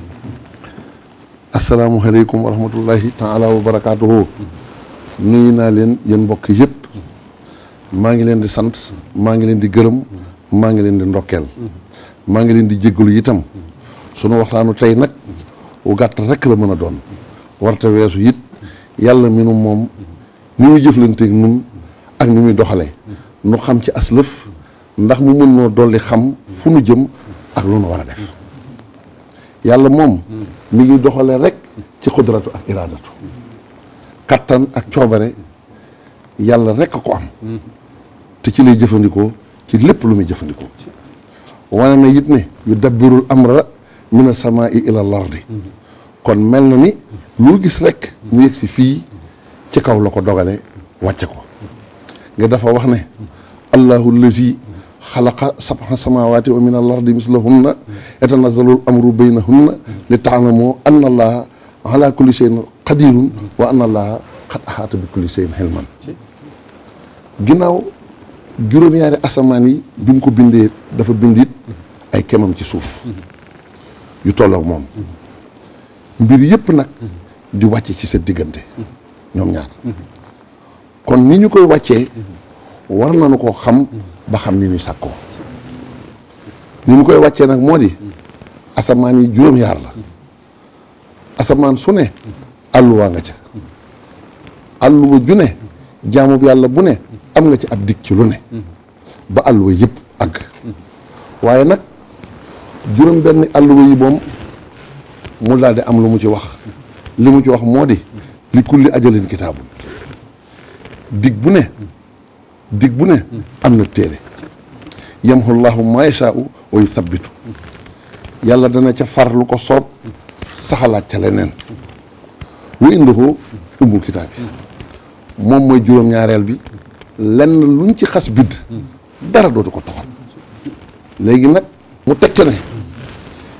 asalaamualeykum wa rahmatullahi taala wa barakaatuhu nuyu naa leen yéen mbokk yëpp maa ngi leen di sant maa ngi leen di gërëm maa ngi leen di ndokkeel maa ngi leen di jéggalu itam sunu waxtaanu tey nag u gàtt rek la mën a doon warta weesu it yàlla mi nu moom ni muy jëflanteeg nun ak ni muy doxale nu xam ci aslëf ndax mu mën noo dolli xam fu nu jëm ak lu nu war a def yàlla moom mi ngi doxale rek ci xudratu ak iraadatu kattan ak coobare yàlla rek ko am te ci lay jëfandikoo ci lépp lu muy jëfandikoo وانا يتني يدبر الامر من السماء الى الارض كون ملني لو غيس رك مو يكسي في تي كاو لاكو دوغالي واتيكو غا دافا واخني الله الذي خلق سبع سماوات ومن الارض مثلهن يتنزل الامر بينهن لتعلموا ان الله على كل شيء قدير وان الله قد احاط بكل شيء علما غيناو جوروم ياري اسماني بيمكو بيندي دافا بينديت ay kemam ci suuf yu tolloog moom mbir yépp nag di wàcc ci sa diggante ñoom ñaar kon ni ñu koy wàccee war nañu koo xam ba xam ni ñu sàkkoo ni mu koy wàccee nag moo di asamaan yi juróom-yaar la asamaan su ne àlluwaa nga ca àlluwa ju ne jaamub yàlla bu ne am nga ci ab dikk ci lu ne ba àlluwa yëpp àgg waaye nag juróom benn alluwa yi moom mu daal di am lu mu ci wax li mu ci wax moo di li kulli ajalin kitaabun dig bu ne dig bu ne am na téere yamhu llahu ma yashaa'u wa yuthabbitu yàlla dana ca far lu ko soob saxalaat ca leneen wa indahu ummul kitaab yi moom mooy juróom-ñaareel bi lenn luñ ci xas bidd dara dootu ko toxal léegi nag mu teg ne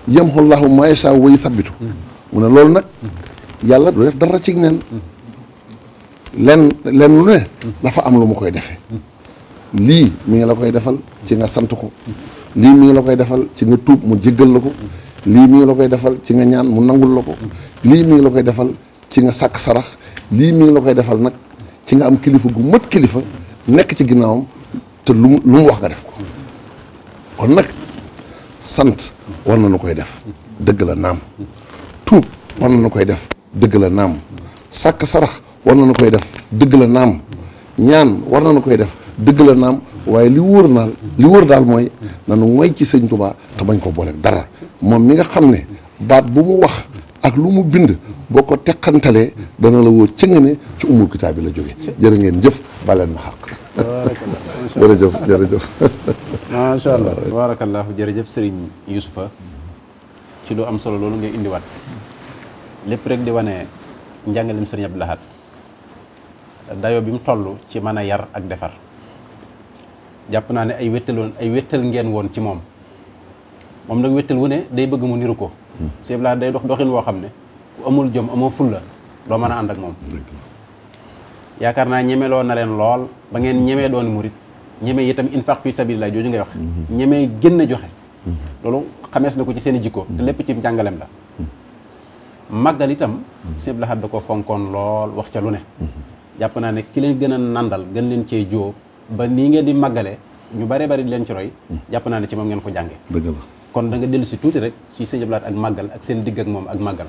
yamhu llaahu maa yashaa wa yuthabbitu mm-hmm. mu ne loolu nag yàlla du def dara ci neen mm-hmm. lenn lenn lu ne mm-hmm. dafa am lu mu koy defe lii mu ngi la koy defal ci nga sant ko lii mu ngi la koy defal ci nga tuub mu jéggal la ko lii mi ngi la koy defal ci nga ñaan mu nangul la ko lii mi ngi la koy defal ci nga sàkk sarax lii mi ngi la koy defal nag ci nga am kilifa gu mat kilifa nekk ci ginnaawam te lu mu lu mu wax nga def ko kon nag sant war na nu koy def dëgg la naam tuub war na nu koy def dëgg la naam sàkk sarax war na nu koy def dëgg la naam ñaan war na nu koy def dëgg la naam waaye li wër naal li wóor daal mooy nanu moy ci sëñ Tuubaa te bañ ko boole dara moom mi nga xam ne baat bu mu wax ak lu mu bind boko tekantale da na la wo ci ngene ci umul kitab bi la joge jere ngeen jef balen ma jere jef ma sha allah jere jef serigne yusufa ci lu am solo lolu ngay wat lepp rek di wane njangalim serigne abdullah dayo bi mu toll ci mana yar ak defar japp na ne ay wéttaloon ay wettel ngeen won ci mom mom nak wettel wu ne day bëgg mu niru ko sëñ Blaat day dox doxin woo xam ne ku amul jom amoo fulla doo mën a ànd ak moom. yaakaar naa ñemeloo na leen lool ba ngeen ñemee doon murit ñeme itam infaq fi sabilillah jooju ngay wax. Mhm. ñemee gën a joxe. Mhm. loolu xamees na ko ci seen i jikko. te lépp ci njàngaleem la. Mhm. màggal itam. sëñ Blaat da ko fonkoon lool wax ca lu ne. jàpp naa ne ki leen gën a nandal gën leen cee jóob ba nii ngeen di màggale ñu bare bari leen ci roy. jàpp naa ne ci moom ngeen ko jànge dëgg la. kon da nga dellu si tuuti rek ci sëñ Abdou ak màggal ak seen digg ak moom ak màggal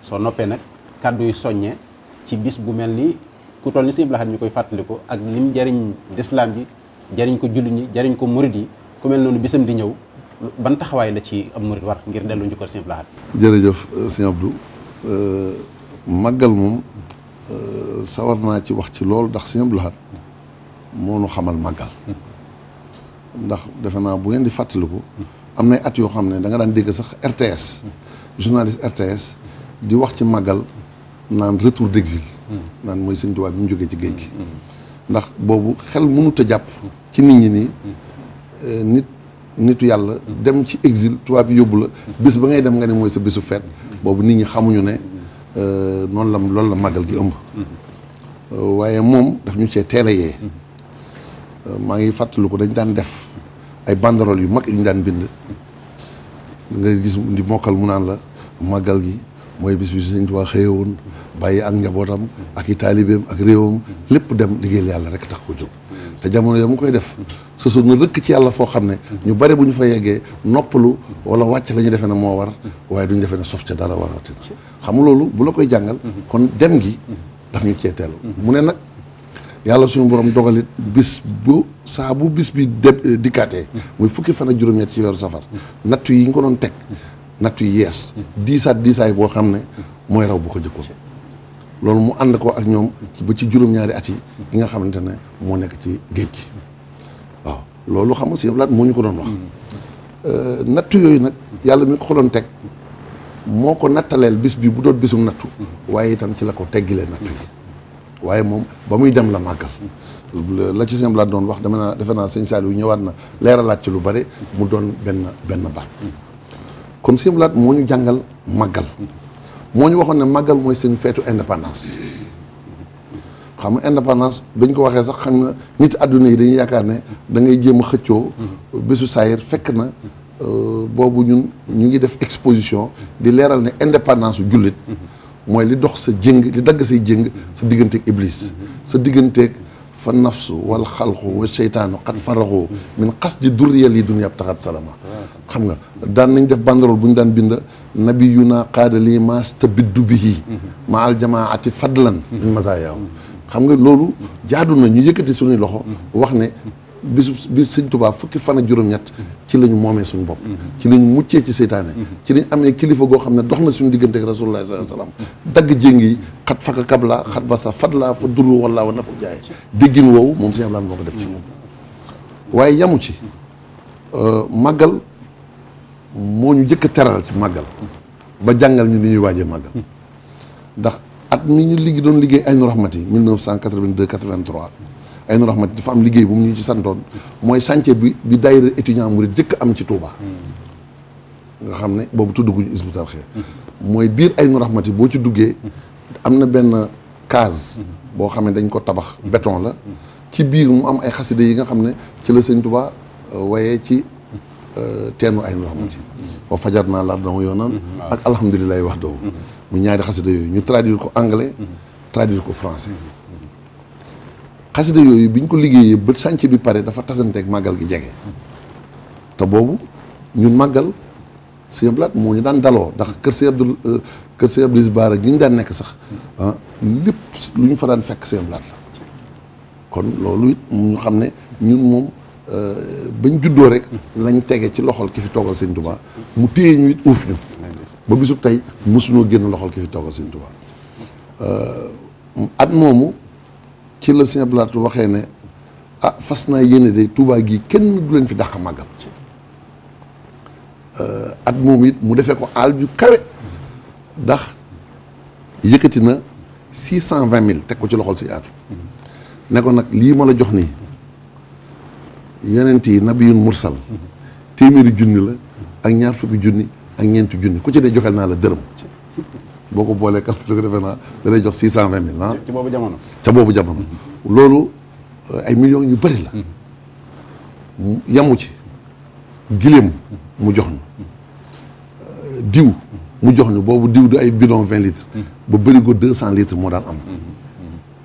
soo noppee nag kàddu yu soññee ci bis bu mel ni ku toll ni sëñ Abdou ñu koy fàttaliku ak lim jariñ lislaam ji jariñ ko jullit ñi jariñ ko murid yi ku mel noonu bisam di ñëw ban taxawaay la ci am murid war ngir dellu njukkal sëñ Abdou Lahad. jërëjëf euh, sëñ Abdou euh, màggal moom euh, sawar naa ci wax ci loolu ndax sëñ Abdou Lahad moo nu xamal màggal. Hmm. ndax defe naa bu ngeen di fàttaliku. Hmm. am nay at yoo xam ne da nga daan dégg sax RTS journaliste RTS di wax ci màggal naan retour d'exil naan mooy sëñ Tuubaa bi mu jógee ci géej gi ndax boobu xel mënut a jàpp ci nit ñi nii euh, nit nitu yàlla dem ci exil tubaab bi yóbbu la bis ba ngay dem nga ne mooy sa bisu feet boobu nit ñi xamuñu ne euh, noonu la loolu la màggal gi ëmb euh, waaye moom daf ñu cee teel a yee maa ngi fàttaliku dañ daan def ay banderole yu mag yi ñu daan bind nga gis di mokal mu naan la magal gi moy bis bi seigne touba xëyewoon baye ak njabotam ak talibem ak lepp dem liggéeyal yalla rek tax ko jog te jamono yam koy def sa su ñu rek ci yalla fo xam ne ñu bari bu fa yeggee noppalu wala wacc lañu defé na mo war way duñu defé na sof ci dara xam lolu bu la koy jangal kon dem gi daf ñu mu ne nak yàlla suñu borom dogalit bis bu saa bu bis bi de euh, dikkaatee muy fukki fan ak juróom-ñett ci weeru safar nattu yi ñu ko doon teg nattu yi yees diisaat diisaay boo xam ne mooy raw bu ko jëkkoon loolu mu ànd ko ak ñoom ba ci juróom-ñaari at yi yi nga xamante ne moo nekk ci géej gi waaw loolu xam nga si laat moo ñu ko doon wax euh, nattu yooyu nag yàlla mi ko ko doon teg moo ko nattaleel bis bi bu doon bisum nattu waaye itam ci la ko teggilee nattu yi waaye moom ba muy dem la màggal la ci sëñ doon wax dama naa defe naa sëñ Saliou ñëwaat na leeralaat ci lu bare mu doon benn benn baat kon sëñ moo ñu jàngal màggal moo ñu waxoon ne màggal mooy seen feetu indépendance xam nga indépendance dañ ko waxee sax xam nga nit àdduna yi dañuy yaakaar ne dangay ngay jéem a xëccoo bésu saayir fekk na euh, boobu ñun ñu ngi def exposition di leeral ne indépendance su jullit mooy li dox sa jëng li dagg say jëng sa digganteeg ibliis sa digganteeg fa nafsu wal xalqu wa seytaanu xat faraxoo min xas di durriyal yi dunya taxat salama xam nga daan nañ def banderole bu ñu daan bind nabiyuna qaadalii mastabiddu bihi ma al jamaati fadlan min mazayahu xam nga loolu jaadu na ñu yëkkati suñuy loxo wax ne bisu bi suñ Tuubaa fukki fan ak juróom-ñett ci la ñu moomee suñu bopp ci la ñu muccee ci seytaane ci la amee kilifa goo xam ne dox na suñu diggante ak rasulullah sallallahu alayhi wasallam dagg jéng yi xat faka kabla xat basa fadla fa duru wala wa nafu jaaye déggin woowu moom sëñ Ablaye moo ko def ci moom waaye yamu ci euh, màggal moo ñu jëkk a teral ci màggal ba jàngal ñu ni ñuy waajee màggal ndax at mi ñu liggi doon liggéey Aynu Rahmati 1982 83 Aynou Rahmati dafa am liggéey bu mu ñu ci santoon mooy chantier bi bi daayira étudiant murid jëkk am ci Touba. nga xam ne boobu tuddaguñu Hizbut Tarqiyyah mooy biir Aynou Rahmati boo ci duggee am na benn kaas boo xam ne dañ ko tabax béton la ci biir mu am ay xasida yi nga xam ne ci la sëñ Touba euh, waaye ci euh, teenu Aynou Rahmati wa fajar naa laar dama yoonaan ak alhamdulilahi wax doowu mu ñaari xasida yooyu ñu traduire ko anglais traduire ko français xasida yoyu biñ ko liggéeyee ba sànc bi paré dafa ak magal gi jege ta bobu ñun magal sëñ Ablaat mo ñu daan dalo ndax keur sëñ abdou keur sëñ abdou Baara gi ñu daan nek sax ah lépp lu fa daan fekk sëñ Ablaat kon lolu it ñu xam ne ñun moom euh, bañ juddo rek lañ tege ci loxol ki fi togal sëñ touba mu téye ñu it ouf ñu ba bisu tay mosunoo génn loxol ki fi togal toogal touba euh at momu ci la Sëñ Abdou Lahad waxee ne ah fas naa yéene de Touba gi kenn du leen fi dàq màggal euh, at moom it mu defee ko àll ju kare ndax yëkkati na six cent vingt mille teg ko ci loxol si aatu ne nag lii ma la jox nii yeneen yi nabiyun mursal téeméeri junni la ak ñaar fukki junni ak ñeenti junni ku ci dee joxel naa la dërëm boo ko boolee calculer ko defe naa da lay jox six cent vingt mille ah. ca boobu jamono. ca boobu jamono loolu euh, ay million ñu bëri la. Mm-hmm. yamu ci gileem mu jox ñu euh, diw mm-hmm. mu jox ñu boobu diw du ay bidon vingt litres mm-hmm. ba bërigo deux cent litre moo daan am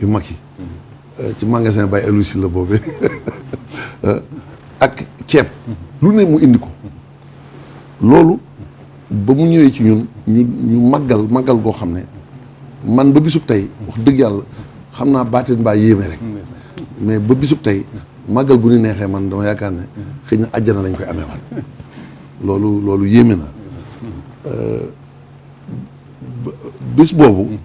yu mag yi euh, ci magasin Baye Alou Sylla la boobee ak ceeb lu ne mu indi ko loolu ba mu ñëwee ci ñun ñu ñu màggal màggal goo xam ne man ba bisub tey wax dëgg yàlla xam naa baatin baa yéeme rek mais ba tey màggal gu ñu neexee man dama yaakaar ne xëy na àjjana lañ koy amee loolu loolu yéeme na euh, bis boobu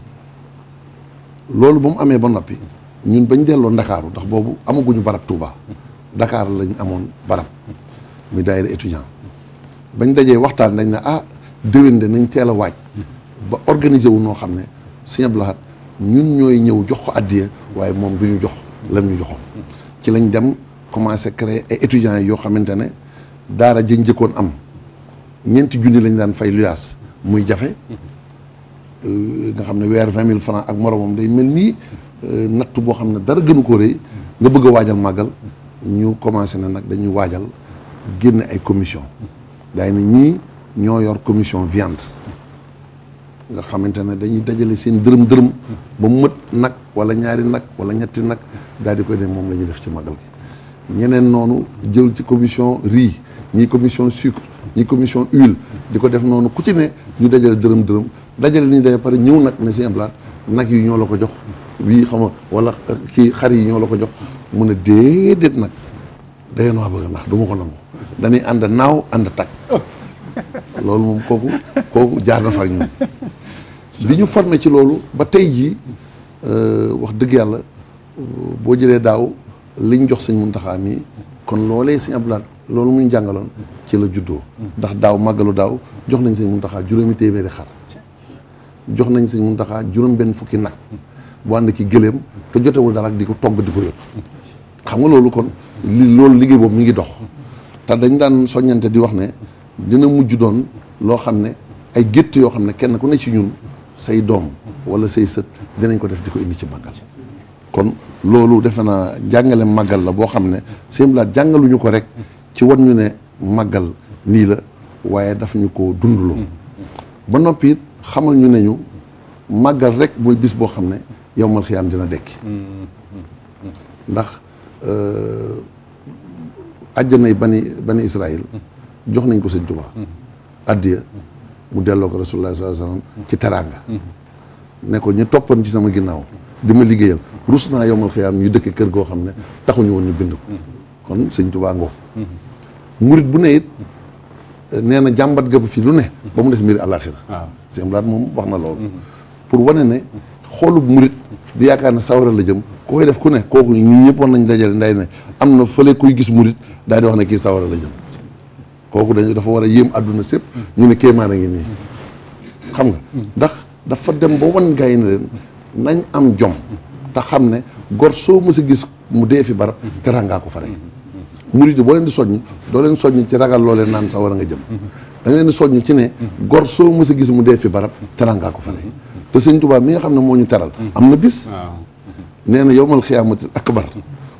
loolu ba mu amee ba noppi ñun bañ delloo ndakaaru ndax boobu amaguñu barab Touba ndakaar lañ amoon barab muy daayira étudiant bañ dajee waxtaan dañ ne ah déwén de nañ teel a waaj ba organiser wu noo xam ne sëñ Abdou Lahad ñun ñooy ñëw jox ko addiya waaye moom du jox lam ñu joxoon ci lañ dem commencé créer ay étudiants yoo xamante ne daara jën njëkkoon am ñeenti junni lañ daan fay luyaas muy jafe euh, nga xam ne weer vingt mille francs ak moromam day mel nii euh, nattu boo xam ne dara gënu ko rëy nga bëgg a waajal màggal ñu commencé na nag dañuy waajal génne ay commission daay na ñii ñoo yor commission viande nga xamante ne dañuy dajale seen dërëm dërëm ba mët nag wala ñaari nag wala ñetti nag daal di koy dem moom la ñuy def ci magal gi ñeneen noonu jël ci commission riz ñii commission sucre ñii commission huile di ko def noonu ku ñu dajale dërëm dërëm dajale ni day pare ñëw nag ne seen blaat nag yi ñoo la ko jox wii xam nga wala kii xar yi ñoo la ko jox mën a déedéet nag dayeen waa bëgg ndax du ma ko nangu dañuy and naw and tak tak mom koku koku jaar na fa ñun di formé ci lolou ba ji euh wax deug yalla bo jëlé daw liñ jox señ muntaha mi kon lolé señ abdoulat lolou muñ jangalon ci la juddo ndax daw magalu daw jox nañ señ muntaha juroomi téméré xar jox nañ señ muntaha juroom ben fukki nak bu and ki gëlem te jotewul dara diko togg diko xam nga lolou kon lolou liggé bob mi ngi dox te dañ daan soññante di wax ne dina mujj doon loo xam ne ay gétt yoo xam ne kenn ku ne ci ñun say doom wala say sët dinañ ko def di ko indi ci màggal kon loolu defe na jàngale màggal la boo xam ne sëñ Blaat jàngaluñu ko rek ci wan ñu ne màggal nii la waaye daf ñu ko dundloo ba noppi it xamal ñu ne ñu màggal rek mooy bis boo xam ne yow mal xiyaam dina dekki mm-hmm. ndax euh, àjjanay bani bani Israël jox nañ ko sëñ Tuubaa mm-hmm. addiya mu delloo ko rasulullah sallallahu alayhi wasallam ci teraanga mm-hmm. ne ñu toppoon ci sama ginnaaw di ma liggéeyal rus naa yowmal xiyaam yu dëkk kër goo xam ne taxuñu woon ñu bind ko mm-hmm. kon sëñ Tuubaa ngoo murit bu ne it nee na jàmbat ga fi lu ne ba mu des mbiri àllaaxira ah. sëñ Blaat moom wax na loolu pour wane ne xoolub murit di yaakaar ne sawara la jëm ku def ku ne kooku ñun nañ dajale nday ne am na fële kuy gis murit daal di wax ne kii sawara la jëm kooku dañu dafa war a yéem àdduna sépp ñu ne kéemaan a ngi nii xam nga ndax dafa dem ba wan gaay ne leen nañ am jom te xam ne gor soo mës a gis mu dee fi barab te rangaa ko fa rey murit yi boo leen di soññ doo leen soññ ci ragal loo leen naan sawara nga jëm da nga leen di soññ ci ne gor soo mës a gis mu dee fi barab te rangaa ko fana rey te sëñ Tuubaa mi nga xam ne moo ñu teral mm-hmm. am na bis nee na yowmal xiyaamatil akbar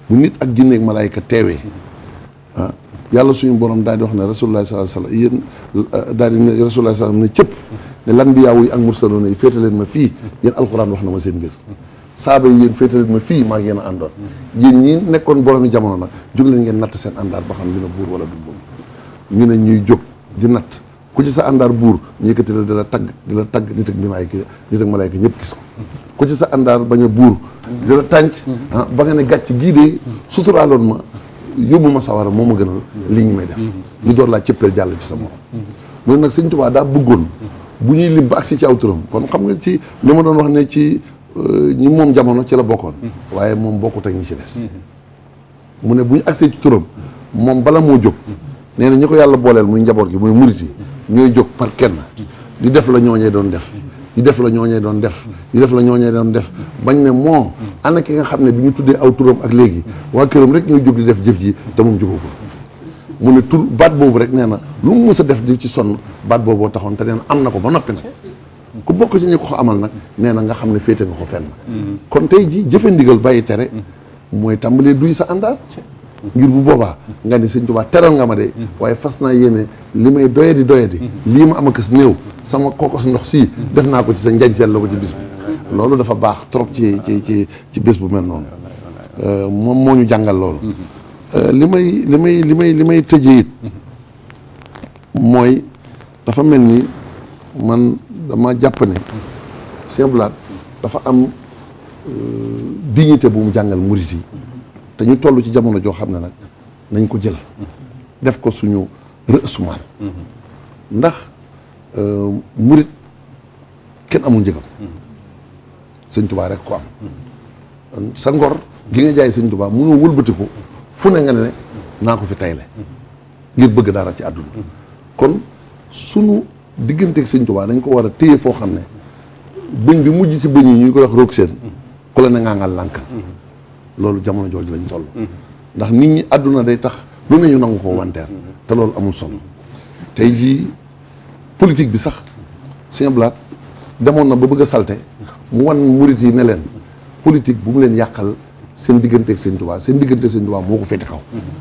bu nit ak jinneeg malaayka teewee mm-hmm. ah yàlla suñu borom daal di wax ne rasulullah sallallahu alayhi wasallam yéen ah, daal di ne rasulullah sallallahu ne cëpp mm-hmm. ne lan bi yaawu yi ak mursaloona yi féete leen ma fii yéen alxuraan wax na ma seen mbir saaba yi yéen ma fii maa ngi a àndoon yéen ñi nekkoon boroomi jamono nag jóg leen ngeen natt seen àndaat ba xam dina buur wala du buur ñu ne ñuy jóg di ku ci sa andar bour ñu yëkkati la dina tag dina tag la tagg nit ak malaayka nit ak malaika ñëpp gis ko ku ci sa andar baña bour dina tanc ah, ba nga ne gatch gi de suturalon ma yobu ma sawara moma ma gënal lii may def ñu door laa cëppeel jall ci sama morom nak nag sëñ da bëggoon bu ñuy lim ba ci ci aw kon xam nga ci li doon wax ne ci euh, ñi mom jamono ci la bokkon waye mom bokku tak ñi ci dess mu ne bu ñu agsee ci turam mom bala mo jog neena ñiko yalla bolel muy njabor gi muy mouride ñooy jóg par kenn di def la ñooñee doon def di def la ñooñee doon def def la ñooñee doon def bañ ne moo ana ki nga xam ne bi ñu tuddee aw turam ak léegi waa këram rek ñooy jóg di def jëf ji te moom jógoo ko mu ne tur baat boobu rek nee na lu mu mës def di ci sonn baat booboo taxoon te nee na am na ko ba noppi nag ku bokk ci ko ko amal nag nee na nga xam ne féete nga ko fenn mm. kon tey ji jëfe ndigal bàyyi tere mm. mooy tàmbalee duy sa àndaar ngir bu boobaa nga ne sëñ Tuubaa teral nga ma de waaye fas naa yéene li may doyadi doyadi lii ma am a kës néew sama kookos ndox sii def naa ko ci sa njañseel la ko ci bis bi loolu dafa baax trop ci ci ci ci bés bu mel noonu euh, moom moo ñu jàngal loolu euh, li may li may li may li may tëjee mooy dafa mel ni man dama jàpp ne Sëñ Abdou Lahad dafa am euh, dignité bu mu jàngal murit te ñu toll ci jamono joo xam ne nag nañ ko jël def ko suñu rësumaan ndax euh, murit kenn amul njëgam sëñ tubaa rek ko am sa ngor gi nga jaay sëñ tubaa mënoo wëlbatiku fu ne nga ne naa ko fi tayle ngir bëgg dara ci àdduna kon sunu digganteeg sëñ tubaa dañ ko war a téye foo xam ne bëñ bi mujj ci bëñ yi ñu ko wax roog seen ku la ne ngaa ngal lànkal loolu jamono jooju lañ toll. Mm-hmm. ndax nit ñi àdduna day tax lu ne ñu nangu koo wanteer. Mm-hmm. te loolu amul solo. tey jii politique bi sax Sëñ Blaat demoon na ba bëgg salte mu wan murit yi ne leen politique bu mu leen yàqal seen digganteeg Sëñ Tuubaa seen digganteeg Sëñ Tuubaa moo ko féete kaw. Mm-hmm.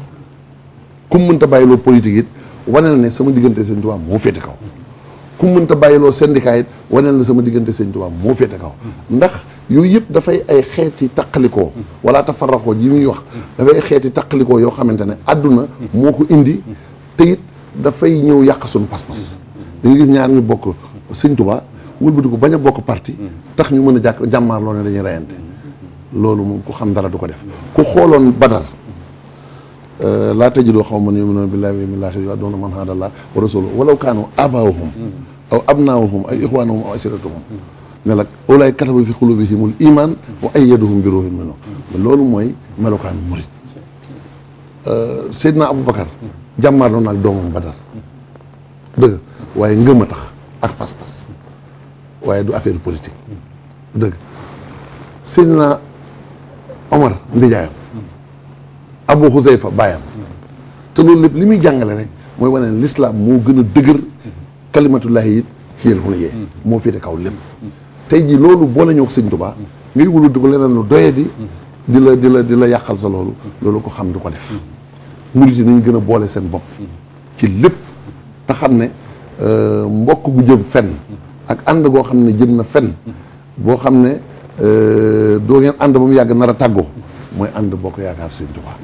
ku mu mënta bàyyiloo politique it wane ne sama diggante Sëñ Tuubaa moo féete kaw. ku mu mënta bàyyiloo syndicat it wane na sama diggante Sëñ Tuubaa moo féete kaw ndax. yooyu yëpp dafay ay xeeti taqalikoo wala tafarraxoo ji muy wax dafay ay xeeti taqalikoo yoo xamante ne àdduna moo ko indi te it dafay ñëw yàq suñu pas-pas da nga gis ñaar ñu bokk sëñ Tuubaa wëlbati ko bañ a bokk parti tax ñu mën a jàkk jàmmaar loo ne dañuy reyante loolu moom ku xam dara du ko def ku xooloon badar laa tajidoo xaw man yuminuuna billaahi wal yawmil aaxir yuwaadduuna man haadallaaha wa rasuulahu walaw kaanu abaawahum aw abnaawahum aw ixwaanahum aw ashiratahum قال لك اولئك كتبوا في قلوبهم الايمان وايدهم بروح منه من لول موي ملوك عن مريد أه، سيدنا ابو بكر جمرنا دوم بدر دغ واي نغما تخ اك باس باس واي دو افير بوليتيك دغ سيدنا عمر ندياي ابو حذيفه بايام تلول لي مي جانغالي ري موي وانا الاسلام مو غنا دغر كلمه الله هي الهنيه مو في كاو لم tay ji lolou bo lañu ko seigne touba ngay wulou di ko lu doye di dila la di la di la sa lolou lolou ko xam du ko def mouride ni nañ gën boole seen ci lepp ta xam ne euh, mbokk gu jëm fenn ak and go ne jëm na fenn bo xam ne euh, do ngeen and bu mu yag nara taggo moy and bokk yaakaar seigne touba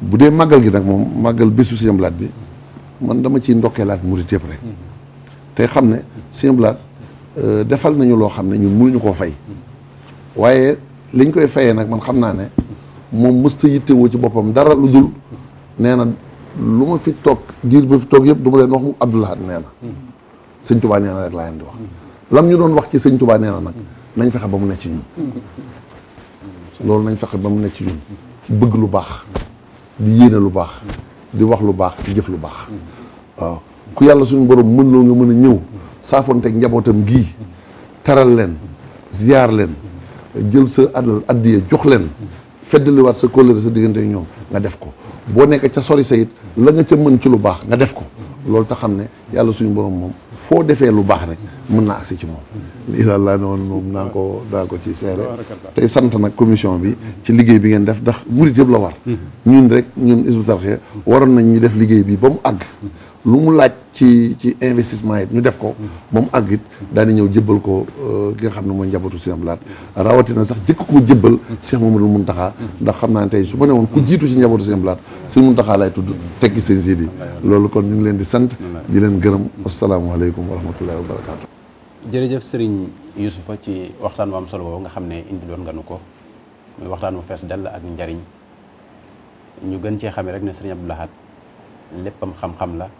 bu dee màggal gi nak mom magal bisu seigne blad bi man dama ci ndokelat mouride rek ne blad Euh, defal nañu loo xam ne ñun mënuñu koo fay waaye liñ koy fayee nag man xam naa ne moom mësta yittewoo ci boppam dara lu dul nee na lu ma fi toog diir ba fi toog yëpp du ma leen wax mu Abdoulahat nee na sëñ Touba nee na rek laa leen di wax lam ñu doon wax ci sëñ Touba nee nag nañ fexe ba mu ne ci ñun loolu nañ fexe ba mu ne ci ñun ci bëgg lu baax di yéene lu baax di wax lu baax di jëf lu baax waaw ku yàlla suñu borom mën loo nga mën a ñëw saafonteeg njabootam gii taral leen ziyaar leen jël sa alal addiya jox leen feddaliwaat sa kóllëre sa diggante ñoom nga def ko boo nekk ca sori sa it la nga ca mën ci lu baax nga def ko loolu te xam ne yàlla suñu borom moom foo defee lu baax rek mën naa agsi ci moom incha laa ne woon moom naa ko daa ko ci seere tey sant nag commission bi ci liggéey bi ngeen def ndax murit yëpp la war ñun rek ñun Hizbut Tarqiyyah waroon nañ ñu def liggéey bi ba mu àgg mu laaj ci ci investissement yi ñu def ko mom ak it daani jëbbal ko gi euh, nga xamne ne mooy Cheikh Abdou rawati na sax jëkk ko jëbbal Cheikh Mamadou muntaha ndax xamna tay su ma won ku jitu ci njabootu Cheikh Abdou cheikh muntaha lay tudd tekki seen siidi loolu kon ñu ngi leen di sant di leen assalamu alaykum wa rahmatullahi wa barakatuh jërëjëf serigne Youssoufa ci waxtaan bu solo nga xamne indi doon ko muy waxtaan mu fess dal ak njariñ ñu gën ci rek ne serigne xam-xam la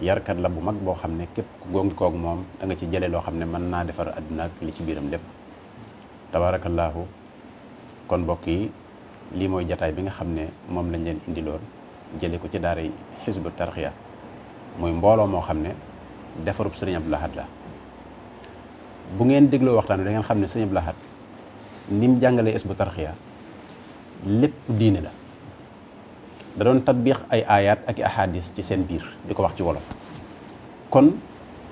kat la bu mag bo xamne kep ku gongi ak mom da nga ci jele lo xamne ne na defar aduna ak li ci biram lepp tabarakallah kon bokk yi li moy jotaay bi nga xamne ne lañ leen lor jele ko ci daara xisbu tarqiya moy mbolo mo xamne ne serigne abdullah la bu ngeen deglo waxtan da ngeen xamne serigne abdullah nim jangale tarqiya lepp diine la da doon tatbiix ay ayat ak hadis ci seen biir di wax ci wolof kon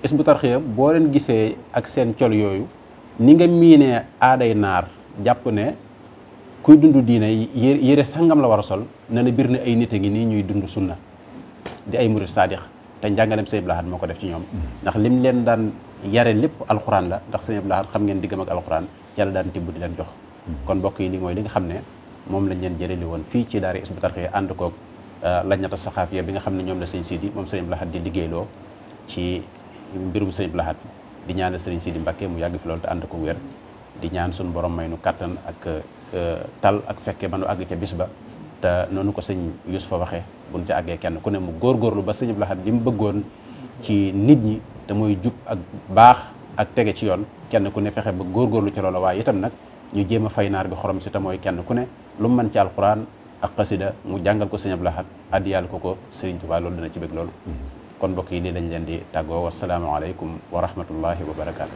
Hizbut tarxiya bo len gisee ak seen col yoyu ni nga miinee aaday nar japp ne kuy dundu diine sangam la wara a sol na la bir ay nité ngi ni ñuy dundu sunna di ay murid sadiq te njàngalem sëñ belahan moko def ci ñom ndax lim len dan yare lepp alquran la ndax sëñ Blahat xam ngeen digam ak alquran yalla dan tibbu di len jox kon bokk yi li moy li nga moom lañ leen jëreli woon fii ci daara Hizbut Tarqiyyah ànd koog euh, lañ nata saxaafiya bi nga xam ne ñoom la sëñ Sidi moom sëñ Abdou Lahad di liggéeyloo ci mbirum sëñ Abdou di ñaanal sëñ Sidi Mbàkke mu yàgg fi loolu te ànd ko wér di ñaan suñ borom may nu kattan ak euh, tal ak fekke ba nu àgg ca bis ba te noonu ko sëñ Yusufa waxee buñ ca àggee kenn ku ne mu góor góorgóorlu ba sëñ Abdou Lahad li mu bëggoon ci nit ñi te mooy jub ak baax ak tege ci yoon kenn ku ne fexe ba góorgóorlu ci loola waaye itam nag ñu jéem fay naar bi xorom si te kenn ku ne lu mu mën ci alquran ak xasida mu jàngal ko sëñ Abdou Lahad addiyal ko ko Sëriñ Tuubaa loolu dana ci bëgg loolu mm-hmm. kon mbokk yi nii lañ leen di tàggoo wassalaamu wa rahmatullahi wa barakaatu